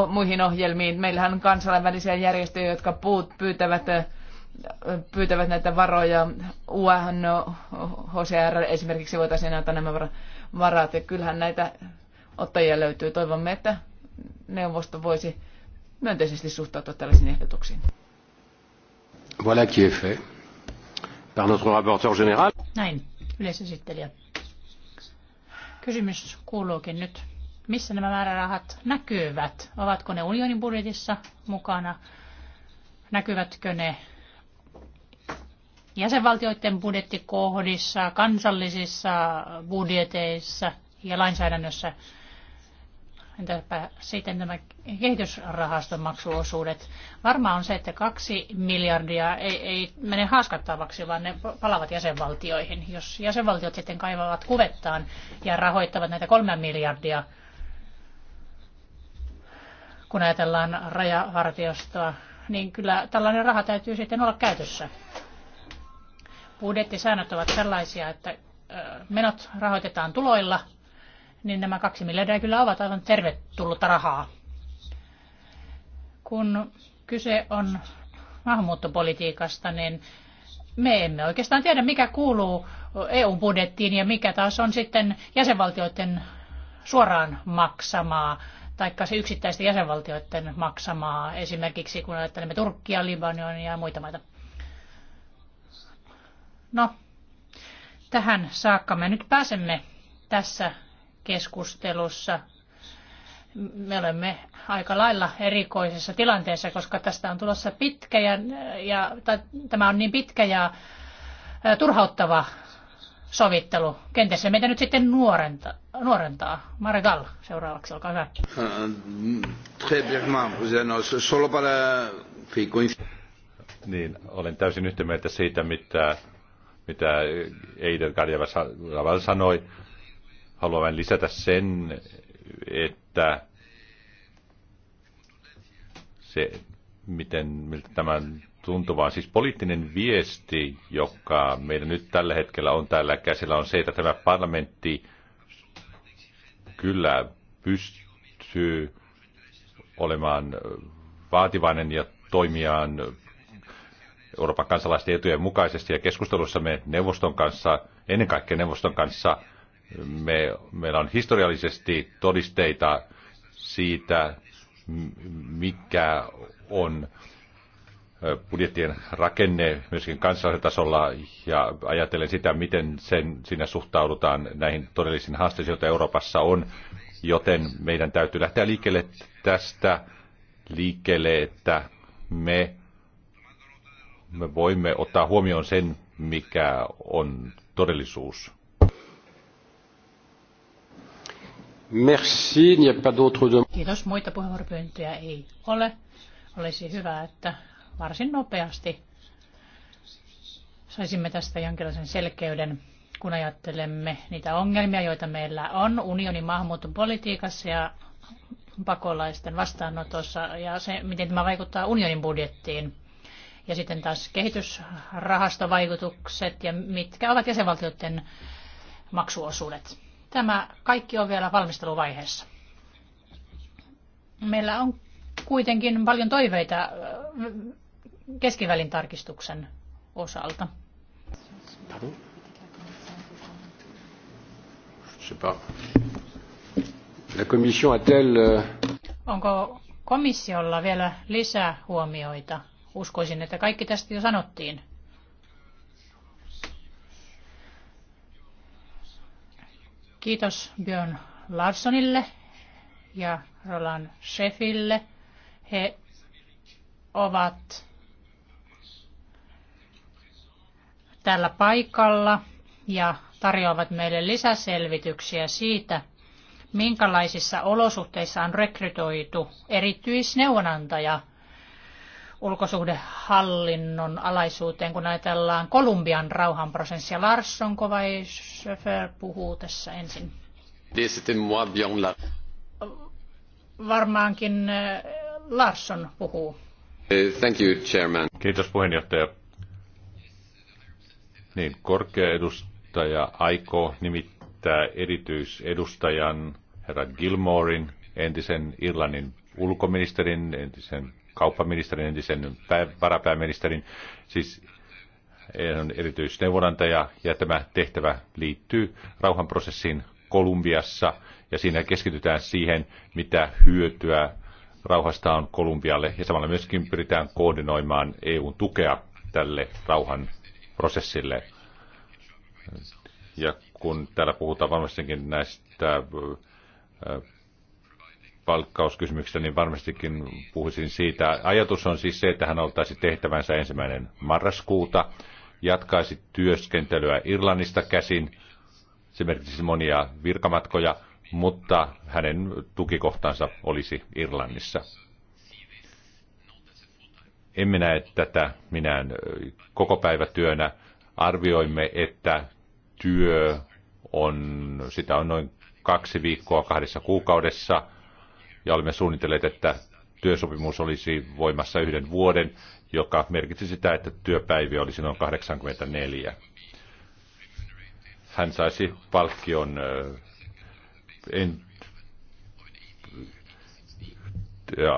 muihin ohjelmiin. Meillähän on kansainvälisiä järjestöjä, jotka puut pyytävät, pyytävät näitä varoja. UNHCR esimerkiksi voitaisiin näyttää nämä varat. Ja kyllähän näitä ottajia löytyy. Toivomme, että neuvosto voisi myönteisesti suhtautua tällaisiin ehdotuksiin. Voilà qui est fait. Par notre rapporteur général. Näin, yleisesittelijä. Kysymys kuuluukin nyt missä nämä määrärahat näkyvät? Ovatko ne unionin budjetissa mukana? Näkyvätkö ne jäsenvaltioiden budjettikohdissa, kansallisissa budjeteissa ja lainsäädännössä? Entäpä sitten nämä kehitysrahaston maksuosuudet? Varmaa on se, että kaksi miljardia ei, ei mene haaskattavaksi, vaan ne palavat jäsenvaltioihin. Jos jäsenvaltiot sitten kaivavat kuvettaan ja rahoittavat näitä kolme miljardia, kun ajatellaan rajavartiostoa, niin kyllä tällainen raha täytyy sitten olla käytössä. Budjettisäännöt ovat sellaisia, että menot rahoitetaan tuloilla, niin nämä kaksi miljardia kyllä ovat aivan tervetullutta rahaa. Kun kyse on maahanmuuttopolitiikasta, niin me emme oikeastaan tiedä, mikä kuuluu EU-budjettiin ja mikä taas on sitten jäsenvaltioiden suoraan maksamaa taikka se yksittäisten jäsenvaltioiden maksamaa, esimerkiksi kun ajattelemme Turkkia, Libanonia ja muita maita. No, tähän saakka me nyt pääsemme tässä keskustelussa. Me olemme aika lailla erikoisessa tilanteessa, koska tästä on tulossa pitkä ja, ja tämä on niin pitkä ja turhauttava sovittelu. Kenties se meitä nyt sitten nuorenta, nuorentaa. Gall, seuraavaksi, olkaa hyvä. Uh, no, niin, olen täysin yhtä mieltä siitä, mitä, mitä Eider Garjava sanoi. Haluan vain lisätä sen, että se, miten, miltä tämän tuntuvaa. Siis poliittinen viesti, joka meidän nyt tällä hetkellä on täällä käsillä, on se, että tämä parlamentti kyllä pystyy olemaan vaativainen ja toimiaan Euroopan kansalaisten etujen mukaisesti. Ja keskustelussa me neuvoston kanssa, ennen kaikkea neuvoston kanssa, me, meillä on historiallisesti todisteita siitä, mikä on budjettien rakenne myöskin kansallisella tasolla ja ajatellen sitä, miten sen, siinä suhtaudutaan näihin todellisiin haasteisiin, joita Euroopassa on. Joten meidän täytyy lähteä liikkeelle tästä liikkeelle, että me, me voimme ottaa huomioon sen, mikä on todellisuus. Merci, Kiitos, muita puheenvuoropyyntöjä ei ole. Olisi hyvä, että varsin nopeasti saisimme tästä jonkinlaisen selkeyden, kun ajattelemme niitä ongelmia, joita meillä on unionin maahanmuuton politiikassa ja pakolaisten vastaanotossa ja se, miten tämä vaikuttaa unionin budjettiin. Ja sitten taas kehitysrahastovaikutukset ja mitkä ovat jäsenvaltioiden maksuosuudet. Tämä kaikki on vielä valmisteluvaiheessa. Meillä on kuitenkin paljon toiveita keskivälin tarkistuksen osalta? Euh, Onko komissiolla vielä lisää huomioita? Uskoisin, että kaikki tästä jo sanottiin. Kiitos Björn Larssonille ja Roland Sheffille. He ovat täällä paikalla ja tarjoavat meille lisäselvityksiä siitä, minkälaisissa olosuhteissa on rekrytoitu erityisneuvonantaja ulkosuhdehallinnon alaisuuteen, kun ajatellaan Kolumbian rauhanprosessia. Larsson vai Schöfer puhuu tässä ensin? Varmaankin eh, Larsson puhuu. Thank you, Chairman. Kiitos puheenjohtaja niin korkea edustaja aikoo nimittää erityisedustajan herra Gilmorein, entisen Irlannin ulkoministerin, entisen kauppaministerin, entisen varapääministerin, siis on erityisneuvonantaja, ja tämä tehtävä liittyy rauhanprosessiin Kolumbiassa, ja siinä keskitytään siihen, mitä hyötyä rauhasta on Kolumbialle, ja samalla myöskin pyritään koordinoimaan EUn tukea tälle rauhan prosessille. Ja kun täällä puhutaan varmastikin näistä äh, palkkauskysymyksistä, niin varmastikin puhuisin siitä. Ajatus on siis se, että hän oltaisi tehtävänsä ensimmäinen marraskuuta, jatkaisi työskentelyä Irlannista käsin, esimerkiksi monia virkamatkoja, mutta hänen tukikohtansa olisi Irlannissa. Emme näe tätä minään koko työnä. Arvioimme, että työ on, sitä on noin kaksi viikkoa kahdessa kuukaudessa, ja olemme suunnitelleet, että työsopimus olisi voimassa yhden vuoden, joka merkitsi sitä, että työpäiviä olisi noin 84. Hän saisi palkkion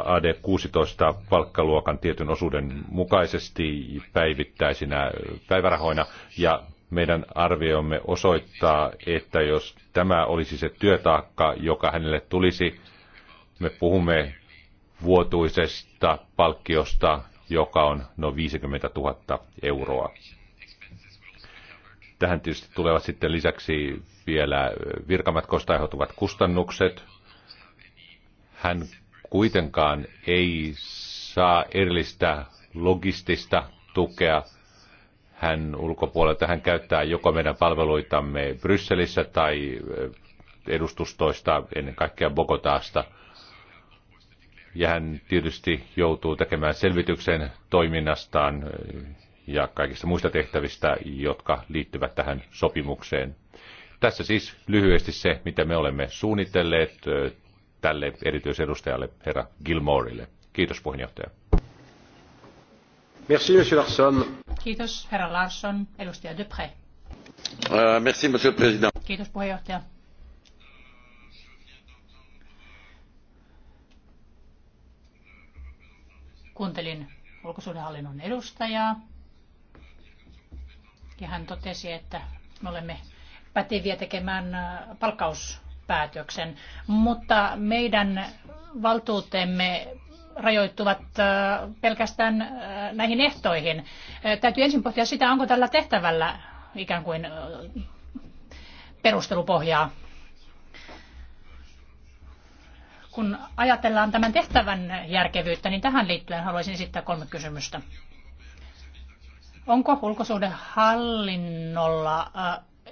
AD16 palkkaluokan tietyn osuuden mukaisesti päivittäisinä päivärahoina ja meidän arviomme osoittaa, että jos tämä olisi se työtaakka, joka hänelle tulisi, me puhumme vuotuisesta palkkiosta, joka on noin 50 000 euroa. Tähän tietysti tulevat sitten lisäksi vielä virkamatkoista aiheutuvat kustannukset. Hän kuitenkaan ei saa erillistä logistista tukea hän ulkopuolelta. Hän käyttää joko meidän palveluitamme Brysselissä tai eh, edustustoista, ennen kaikkea Bogotaasta. Ja hän tietysti joutuu tekemään selvityksen toiminnastaan eh, ja kaikista muista tehtävistä, jotka liittyvät tähän sopimukseen. Tässä siis lyhyesti se, mitä me olemme suunnitelleet eh, tälle erityisedustajalle, herra Gilmoreille. Kiitos puheenjohtaja. Merci, monsieur Larson. Kiitos, herra Larsson. Edustaja Dupré. Uh, merci, monsieur le président. Kiitos, puheenjohtaja. Kuuntelin ulkosuhdehallinnon edustajaa ja hän totesi, että me olemme päteviä tekemään äh, palkkaus päätöksen, mutta meidän valtuutemme rajoittuvat pelkästään näihin ehtoihin. Täytyy ensin pohtia sitä, onko tällä tehtävällä ikään kuin perustelupohjaa. Kun ajatellaan tämän tehtävän järkevyyttä, niin tähän liittyen haluaisin esittää kolme kysymystä. Onko ulkosuhdehallinnolla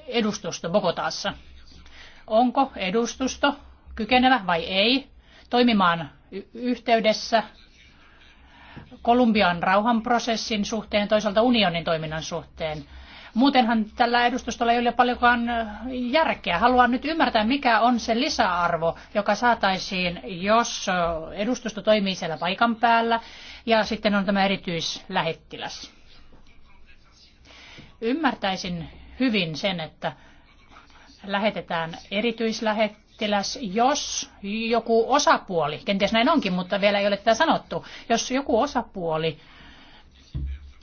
edustusta Bogotaassa? onko edustusto kykenevä vai ei toimimaan yhteydessä Kolumbian rauhanprosessin suhteen, toisaalta unionin toiminnan suhteen. Muutenhan tällä edustustolla ei ole paljonkaan järkeä. Haluan nyt ymmärtää, mikä on se lisäarvo, joka saataisiin, jos edustusto toimii siellä paikan päällä ja sitten on tämä erityislähettiläs. Ymmärtäisin hyvin sen, että lähetetään erityislähettiläs, jos joku osapuoli, kenties näin onkin, mutta vielä ei ole tämä sanottu, jos joku osapuoli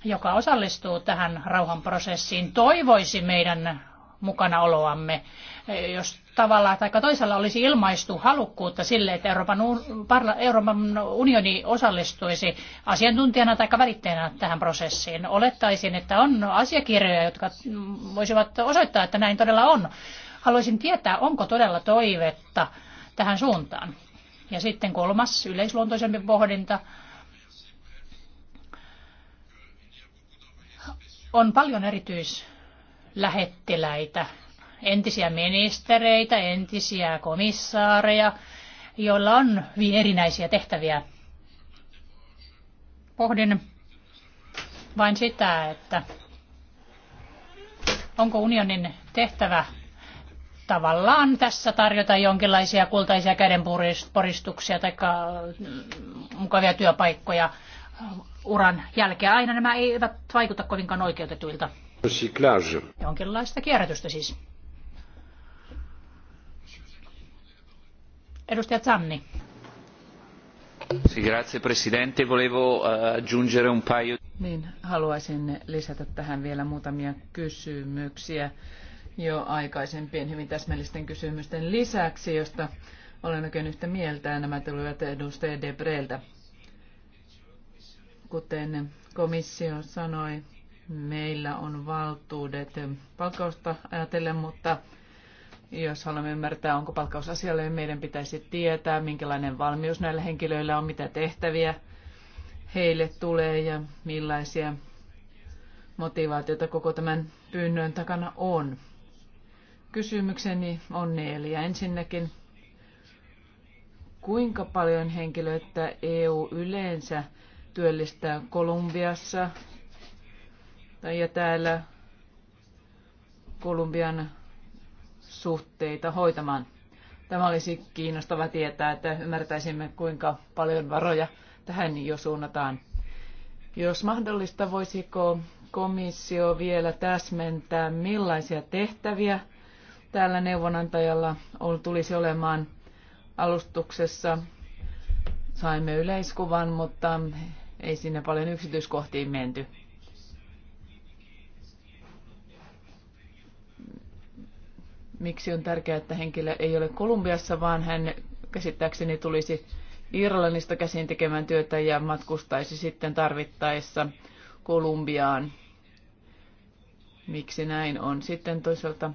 joka osallistuu tähän rauhanprosessiin, toivoisi meidän mukanaoloamme, jos tavalla tai toisella olisi ilmaistu halukkuutta sille, että Euroopan, Euroopan unioni osallistuisi asiantuntijana tai välittäjänä tähän prosessiin. Olettaisin, että on asiakirjoja, jotka voisivat osoittaa, että näin todella on. Haluaisin tietää, onko todella toivetta tähän suuntaan. Ja sitten kolmas yleisluontoisempi pohdinta. On paljon erityislähettiläitä, entisiä ministereitä, entisiä komissaareja, joilla on hyvin erinäisiä tehtäviä. Pohdin vain sitä, että onko unionin tehtävä tavallaan tässä tarjota jonkinlaisia kultaisia kädenpuristuksia tai mukavia työpaikkoja uran jälkeen. Aina nämä eivät vaikuta kovinkaan oikeutetuilta. Recyclage. Jonkinlaista kierrätystä siis. Edustaja Zanni. Grazie Presidente, volevo eh, aggiungere un paio. Niin, haluaisin lisätä tähän vielä muutamia kysymyksiä jo aikaisempien hyvin täsmällisten kysymysten lisäksi, josta olen oikein yhtä mieltä. Nämä tulivat edustaja Debreltä. Kuten komissio sanoi, meillä on valtuudet palkkausta ajatellen, mutta jos haluamme ymmärtää, onko palkkaus asialle, meidän pitäisi tietää, minkälainen valmius näillä henkilöillä on, mitä tehtäviä heille tulee ja millaisia motivaatioita koko tämän pyynnön takana on. Kysymykseni on neljä. Ensinnäkin, kuinka paljon henkilöitä EU yleensä työllistää Kolumbiassa ja täällä Kolumbian suhteita hoitamaan? Tämä olisi kiinnostava tietää, että ymmärtäisimme kuinka paljon varoja tähän jo suunnataan. Jos mahdollista, voisiko komissio vielä täsmentää, millaisia tehtäviä – Täällä neuvonantajalla tulisi olemaan alustuksessa. Saimme yleiskuvan, mutta ei sinne paljon yksityiskohtiin menty. Miksi on tärkeää, että henkilö ei ole Kolumbiassa, vaan hän käsittääkseni tulisi Irlannista käsin tekemään työtä ja matkustaisi sitten tarvittaessa Kolumbiaan. Miksi näin on? Sitten toisaalta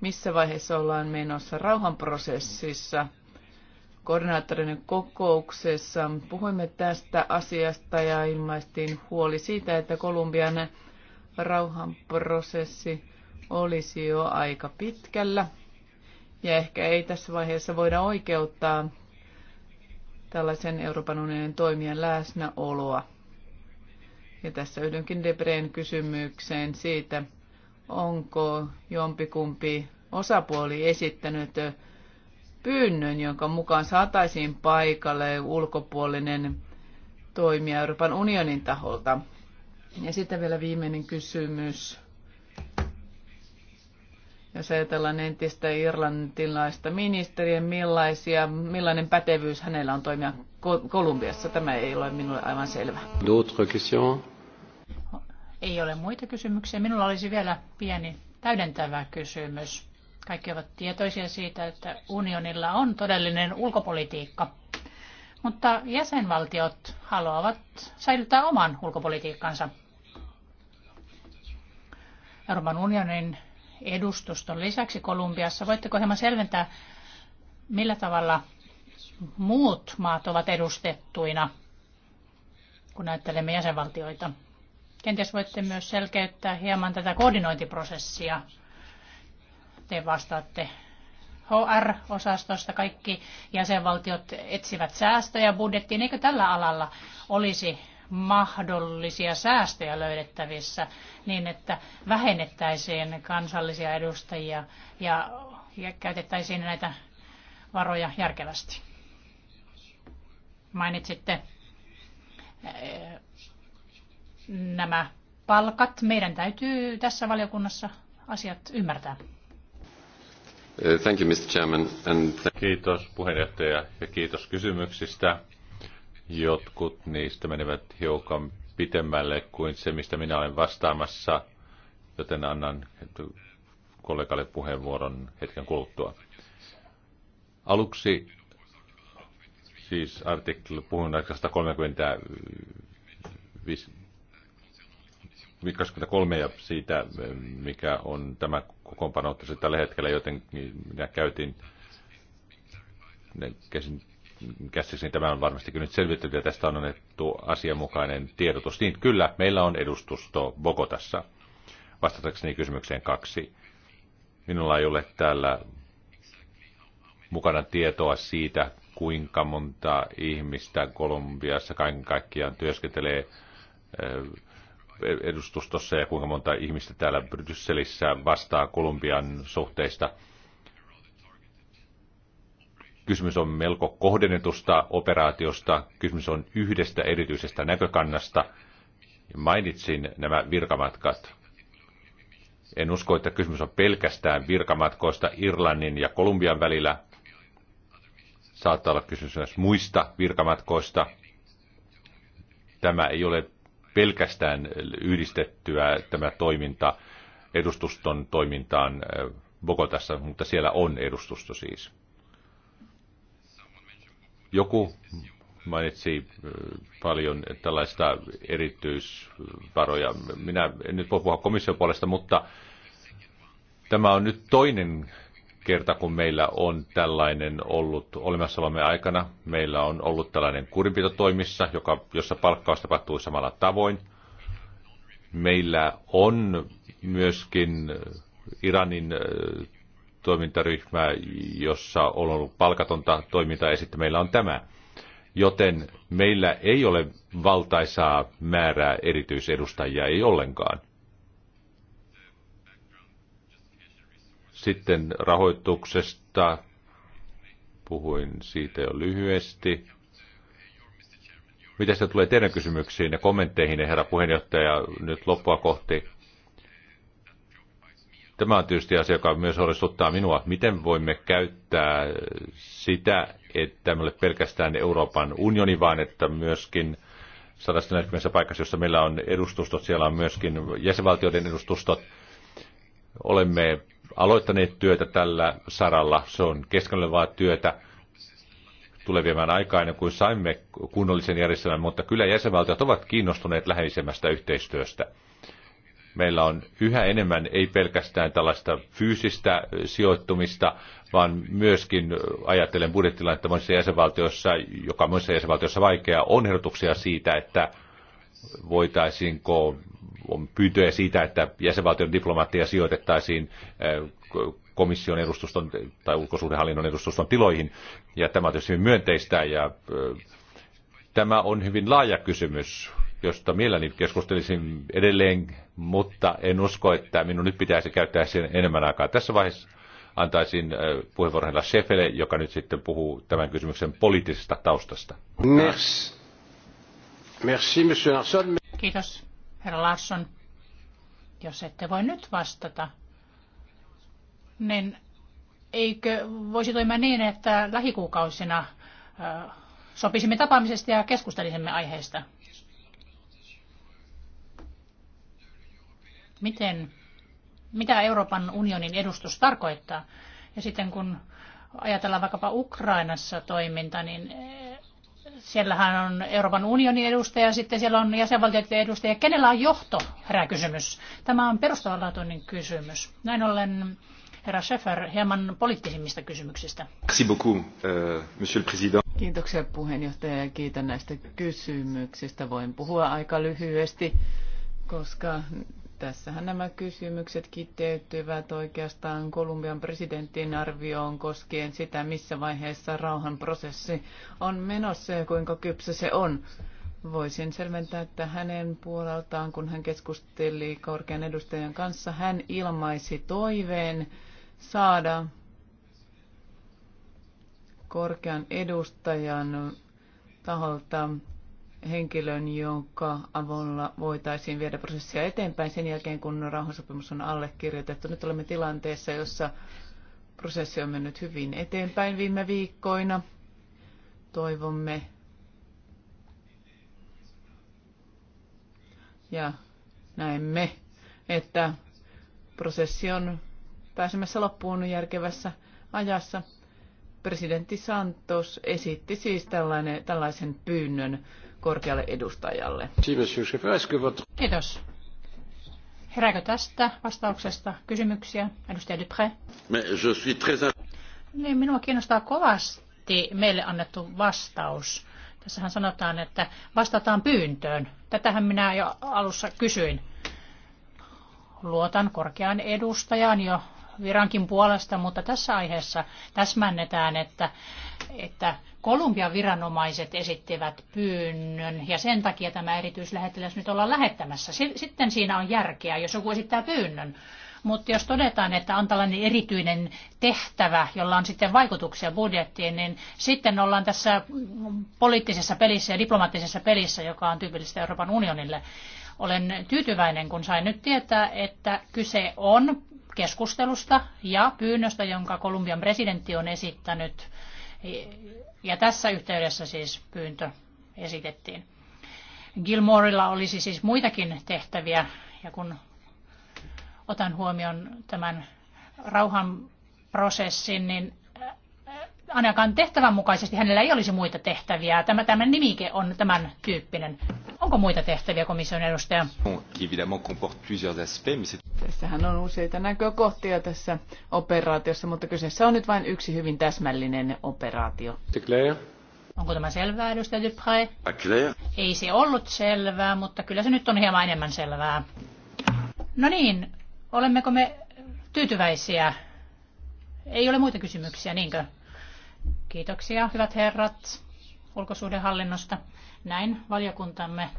missä vaiheessa ollaan menossa rauhanprosessissa. Koordinaattorinen kokouksessa puhuimme tästä asiasta ja ilmaistiin huoli siitä, että Kolumbian rauhanprosessi olisi jo aika pitkällä. Ja ehkä ei tässä vaiheessa voida oikeuttaa tällaisen Euroopan unionin toimijan läsnäoloa. Ja tässä yhdenkin Debreen kysymykseen siitä, onko jompikumpi osapuoli esittänyt pyynnön, jonka mukaan saataisiin paikalle ulkopuolinen toimija Euroopan unionin taholta. Ja sitten vielä viimeinen kysymys. Jos ajatellaan entistä irlantilaista ministeriä, millaisia, millainen pätevyys hänellä on toimia Kolumbiassa? Tämä ei ole minulle aivan selvä. D'autres questions? Ei ole muita kysymyksiä. Minulla olisi vielä pieni täydentävä kysymys. Kaikki ovat tietoisia siitä, että unionilla on todellinen ulkopolitiikka. Mutta jäsenvaltiot haluavat säilyttää oman ulkopolitiikkansa. Euroopan unionin edustuston lisäksi Kolumbiassa. Voitteko hieman selventää, millä tavalla muut maat ovat edustettuina, kun näyttelemme jäsenvaltioita? Kenties voitte myös selkeyttää hieman tätä koordinointiprosessia. Te vastaatte HR-osastosta kaikki jäsenvaltiot etsivät säästöjä budjettiin. Eikö tällä alalla olisi mahdollisia säästöjä löydettävissä niin, että vähennettäisiin kansallisia edustajia ja, ja käytettäisiin näitä varoja järkevästi? Mainitsitte nämä palkat. Meidän täytyy tässä valiokunnassa asiat ymmärtää. Eh, thank you, Mr. Chairman. And kiitos puheenjohtaja ja kiitos kysymyksistä. Jotkut niistä menevät hiukan pitemmälle kuin se, mistä minä olen vastaamassa, joten annan kollegalle puheenvuoron hetken kuluttua. Aluksi siis artikkeli, puhun 135 23 ja siitä, mikä on tämä kokoonpano tällä hetkellä, joten minä käytin käsin tämä on varmastikin nyt selvitetty ja tästä on annettu asianmukainen tiedotus. Niin kyllä, meillä on edustusto Bogotassa. Vastatakseni kysymykseen kaksi. Minulla ei ole täällä mukana tietoa siitä, kuinka monta ihmistä Kolumbiassa kaiken kaikkiaan työskentelee edustustossa ja kuinka monta ihmistä täällä Brysselissä vastaa Kolumbian suhteista. Kysymys on melko kohdennetusta operaatiosta. Kysymys on yhdestä erityisestä näkökannasta. Mainitsin nämä virkamatkat. En usko, että kysymys on pelkästään virkamatkoista Irlannin ja Kolumbian välillä. Saattaa olla kysymys myös muista virkamatkoista. Tämä ei ole pelkästään yhdistettyä tämä toiminta edustuston toimintaan äh, Bogotassa, mutta siellä on edustusto siis. Joku mainitsi äh, paljon tällaista erityisvaroja. Minä en nyt voi puhua komission puolesta, mutta tämä on nyt toinen kerta, kun meillä on tällainen ollut olemassaolomme aikana. Meillä on ollut tällainen kurinpitotoimissa, joka, jossa palkkaus tapahtuu samalla tavoin. Meillä on myöskin Iranin toimintaryhmä, jossa on ollut palkatonta toimintaa ja sitten meillä on tämä. Joten meillä ei ole valtaisaa määrää erityisedustajia, ei ollenkaan. Sitten rahoituksesta puhuin siitä jo lyhyesti. Mitä se tulee teidän kysymyksiin ja kommentteihin, herra puheenjohtaja, nyt loppua kohti? Tämä on tietysti asia, joka myös huolestuttaa minua. Miten voimme käyttää sitä, että me ole pelkästään Euroopan unioni, vaan että myöskin 140 paikassa, jossa meillä on edustustot, siellä on myöskin jäsenvaltioiden edustustot. Olemme aloittaneet työtä tällä saralla. Se on keskenlevaa työtä tulee viemään aikaa ennen kuin saimme kunnollisen järjestelmän, mutta kyllä jäsenvaltiot ovat kiinnostuneet läheisemmästä yhteistyöstä. Meillä on yhä enemmän ei pelkästään tällaista fyysistä sijoittumista, vaan myöskin ajattelen budjettilannetta monissa jäsenvaltioissa, joka monissa jäsenvaltioissa vaikeaa, on ehdotuksia siitä, että voitaisiinko on pyyntöjä siitä, että jäsenvaltion diplomaattia sijoitettaisiin eh, komission edustuston tai ulkosuhdehallinnon edustuston tiloihin. Ja tämä on tietysti hyvin myönteistä ja eh, tämä on hyvin laaja kysymys, josta mielelläni keskustelisin edelleen, mutta en usko, että minun nyt pitäisi käyttää sen enemmän aikaa. Tässä vaiheessa antaisin eh, puheenvuoron Sefele, joka nyt sitten puhuu tämän kysymyksen poliittisesta taustasta. Merci. Merci, monsieur Kiitos herra Larsson, jos ette voi nyt vastata, niin eikö voisi toimia niin, että lähikuukausina sopisimme tapaamisesta ja keskustelisimme aiheesta? Miten, mitä Euroopan unionin edustus tarkoittaa? Ja sitten kun ajatellaan vaikkapa Ukrainassa toiminta, niin Siellähän on Euroopan unionin edustaja, sitten siellä on jäsenvaltioiden edustaja. Kenellä on johto, herää kysymys. Tämä on perustavanlaatuinen kysymys. Näin ollen herra Schäfer hieman poliittisimmista kysymyksistä. Merci beaucoup, euh, monsieur le président. Kiitoksia puheenjohtaja ja kiitän näistä kysymyksistä. Voin puhua aika lyhyesti, koska Tässähän nämä kysymykset kiteytyvät oikeastaan Kolumbian presidentin arvioon koskien sitä, missä vaiheessa rauhanprosessi on menossa ja kuinka kypsä se on. Voisin selventää, että hänen puoleltaan, kun hän keskusteli korkean edustajan kanssa, hän ilmaisi toiveen saada korkean edustajan taholta henkilön, jonka avulla voitaisiin viedä prosessia eteenpäin sen jälkeen, kun rauhansopimus on allekirjoitettu. Nyt olemme tilanteessa, jossa prosessi on mennyt hyvin eteenpäin viime viikkoina. Toivomme ja näemme, että prosessi on pääsemässä loppuun järkevässä ajassa. Presidentti Santos esitti siis tällainen, tällaisen pyynnön korkealle edustajalle. Kiitos. Herääkö tästä vastauksesta kysymyksiä, edustaja Dupré? Niin, minua kiinnostaa kovasti meille annettu vastaus. Tässähän sanotaan, että vastataan pyyntöön. Tätähän minä jo alussa kysyin. Luotan korkean edustajan jo virankin puolesta, mutta tässä aiheessa täsmännetään, että, että Kolumbian viranomaiset esittivät pyynnön ja sen takia tämä erityislähettiläs nyt ollaan lähettämässä. Sitten siinä on järkeä, jos joku esittää pyynnön. Mutta jos todetaan, että on tällainen erityinen tehtävä, jolla on sitten vaikutuksia budjettiin, niin sitten ollaan tässä poliittisessa pelissä ja diplomaattisessa pelissä, joka on tyypillistä Euroopan unionille. Olen tyytyväinen, kun sain nyt tietää, että kyse on keskustelusta ja pyynnöstä, jonka Kolumbian presidentti on esittänyt ja tässä yhteydessä siis pyyntö esitettiin. Gilmorella olisi siis muitakin tehtäviä, ja kun otan huomioon tämän rauhan prosessin, niin ainakaan tehtävän mukaisesti hänellä ei olisi muita tehtäviä. Tämä, tämä nimike on tämän tyyppinen. Onko muita tehtäviä komission edustaja? Tässähän on useita näkökohtia tässä operaatiossa, mutta kyseessä on nyt vain yksi hyvin täsmällinen operaatio. Onko tämä selvää, edustaja Dupré? Ei se ollut selvää, mutta kyllä se nyt on hieman enemmän selvää. No niin, olemmeko me tyytyväisiä? Ei ole muita kysymyksiä, niinkö? Kiitoksia, hyvät herrat ulkosuhdehallinnosta. Näin valiokuntamme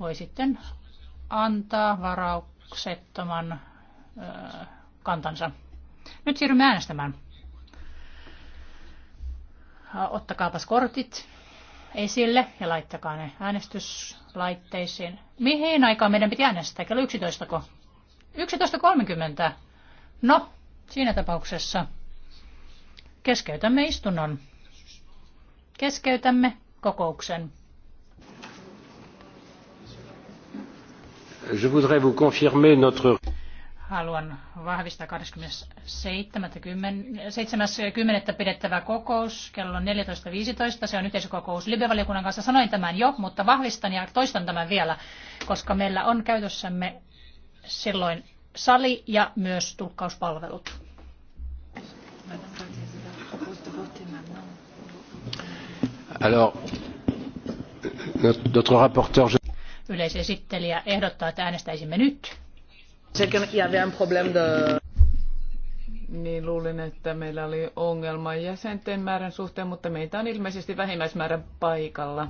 voi sitten antaa varauksettoman ö, kantansa. Nyt siirrymme äänestämään. Ottakaapas kortit esille ja laittakaa ne äänestyslaitteisiin. Mihin aikaan meidän piti äänestää? Kello 11. 11.30. No, siinä tapauksessa Keskeytämme istunnon. Keskeytämme kokouksen. Je voudrais vous confirmer notre... Haluan vahvistaa 27.10. pidettävä kokous kello 14.15. Se on yhteiskokous Libevaliokunnan kanssa. Sanoin tämän jo, mutta vahvistan ja toistan tämän vielä, koska meillä on käytössämme silloin sali ja myös tulkkauspalvelut. Alors, notre rapporteur... Yleisesittelijä ehdottaa, että äänestäisimme nyt. Niin luulin, että meillä oli ongelma jäsenten määrän suhteen, mutta meitä on ilmeisesti vähimmäismäärä paikalla.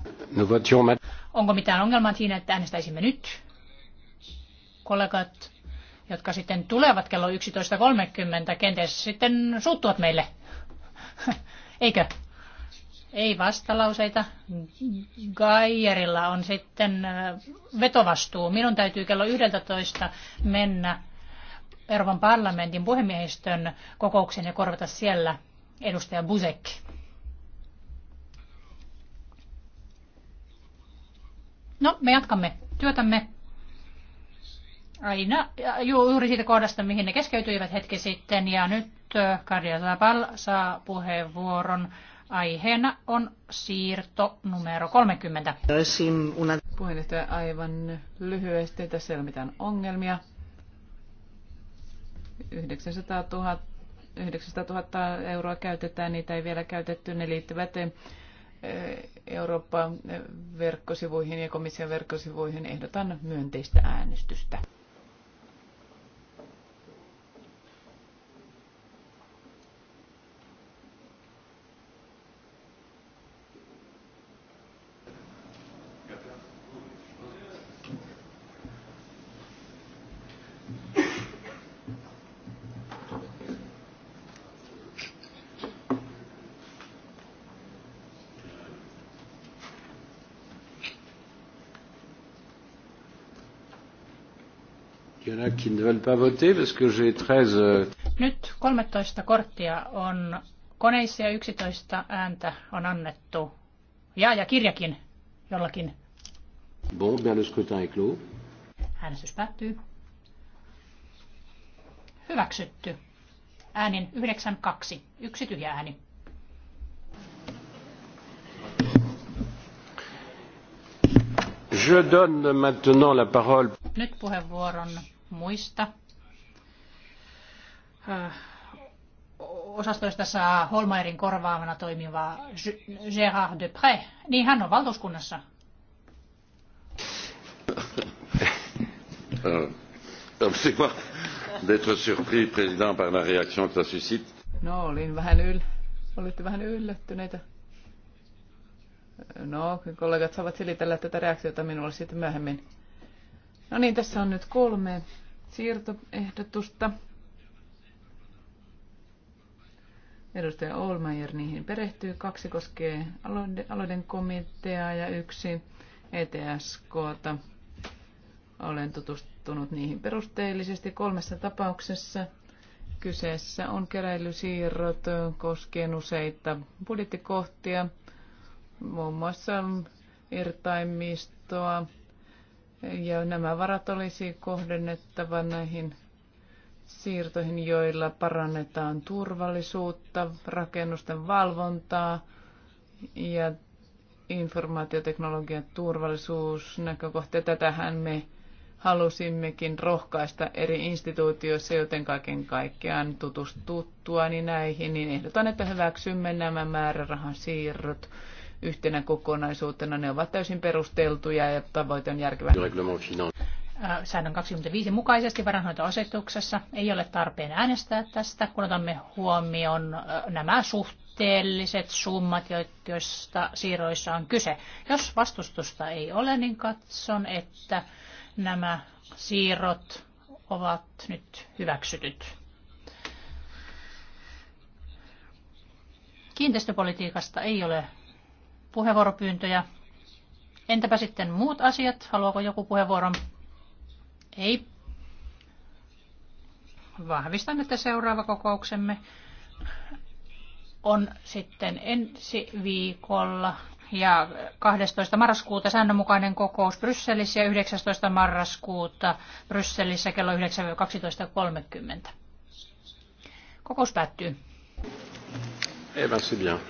Onko mitään ongelmaa siinä, että äänestäisimme nyt? Kollegat, jotka sitten tulevat kello 11.30, kenties sitten suuttuvat meille. Eikö? Ei vastalauseita. Gaierilla on sitten vetovastuu. Minun täytyy kello 11 mennä Euroopan parlamentin puhemiehistön kokoukseen ja korvata siellä edustaja Busek. No, me jatkamme työtämme aina juuri siitä kohdasta, mihin ne keskeytyivät hetki sitten. Ja nyt Karja Zabal saa puheenvuoron Aiheena on siirto numero 30. Puheenjohtaja aivan lyhyesti, tässä ei ole mitään ongelmia. 900 000, 900 000 euroa käytetään, niitä ei vielä käytetty, ne liittyvät eh, Euroopan verkkosivuihin ja komission verkkosivuihin ehdotan myönteistä äänestystä. Euh, Nyt 13 korttia on koneissa ja 11 ääntä on annettu. Ja, ja kirjakin jollakin. Bon, bien, le scrutin est clos. Äänestys päättyy. Hyväksytty. Äänin 92, Yksi tyhjä ääni. Je donne maintenant la parole. Nyt puheenvuoron muista osastoista saa Holmairin korvaavana toimiva Gérard Depré, niin hän on valtuuskunnassa. Euh, d'être surpris, président, par la réaction que ça suscite. No, olin vähän yl... Olitte vähän yllättyneitä. No, kollegat saavat selitellä tätä reaktiota minulle sitten myöhemmin. No niin, tässä on nyt kolme siirtoehdotusta. Edustaja Olmeier niihin perehtyy. Kaksi koskee aloiden komiteaa ja yksi ETSKta. Olen tutustunut niihin perusteellisesti kolmessa tapauksessa. Kyseessä on keräilysiirrot koskien useita budjettikohtia, muun muassa irtaimistoa, ja nämä varat olisi kohdennettava näihin siirtoihin, joilla parannetaan turvallisuutta, rakennusten valvontaa ja informaatioteknologian turvallisuusnäkökohtia. Tätähän me halusimmekin rohkaista eri instituutioissa, joten kaiken kaikkiaan tutustuttua niin näihin, niin ehdotan, että hyväksymme nämä määrärahan siirrot yhtenä kokonaisuutena. Ne ovat täysin perusteltuja ja tavoite on järkevä. Säännön 25 mukaisesti varanhoitoasetuksessa ei ole tarpeen äänestää tästä, kun otamme huomioon nämä suhteelliset summat, joista siirroissa on kyse. Jos vastustusta ei ole, niin katson, että nämä siirrot ovat nyt hyväksytyt. Kiinteistöpolitiikasta ei ole puheenvuoropyyntöjä. Entäpä sitten muut asiat? Haluaako joku puheenvuoron? Ei. Vahvistan, että seuraava kokouksemme on sitten ensi viikolla ja 12. marraskuuta säännönmukainen kokous Brysselissä ja 19. marraskuuta Brysselissä kello 9.12.30. Kokous päättyy. Eh c'est bien.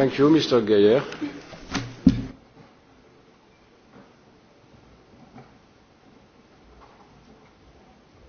Thank you, Mr. Geyer.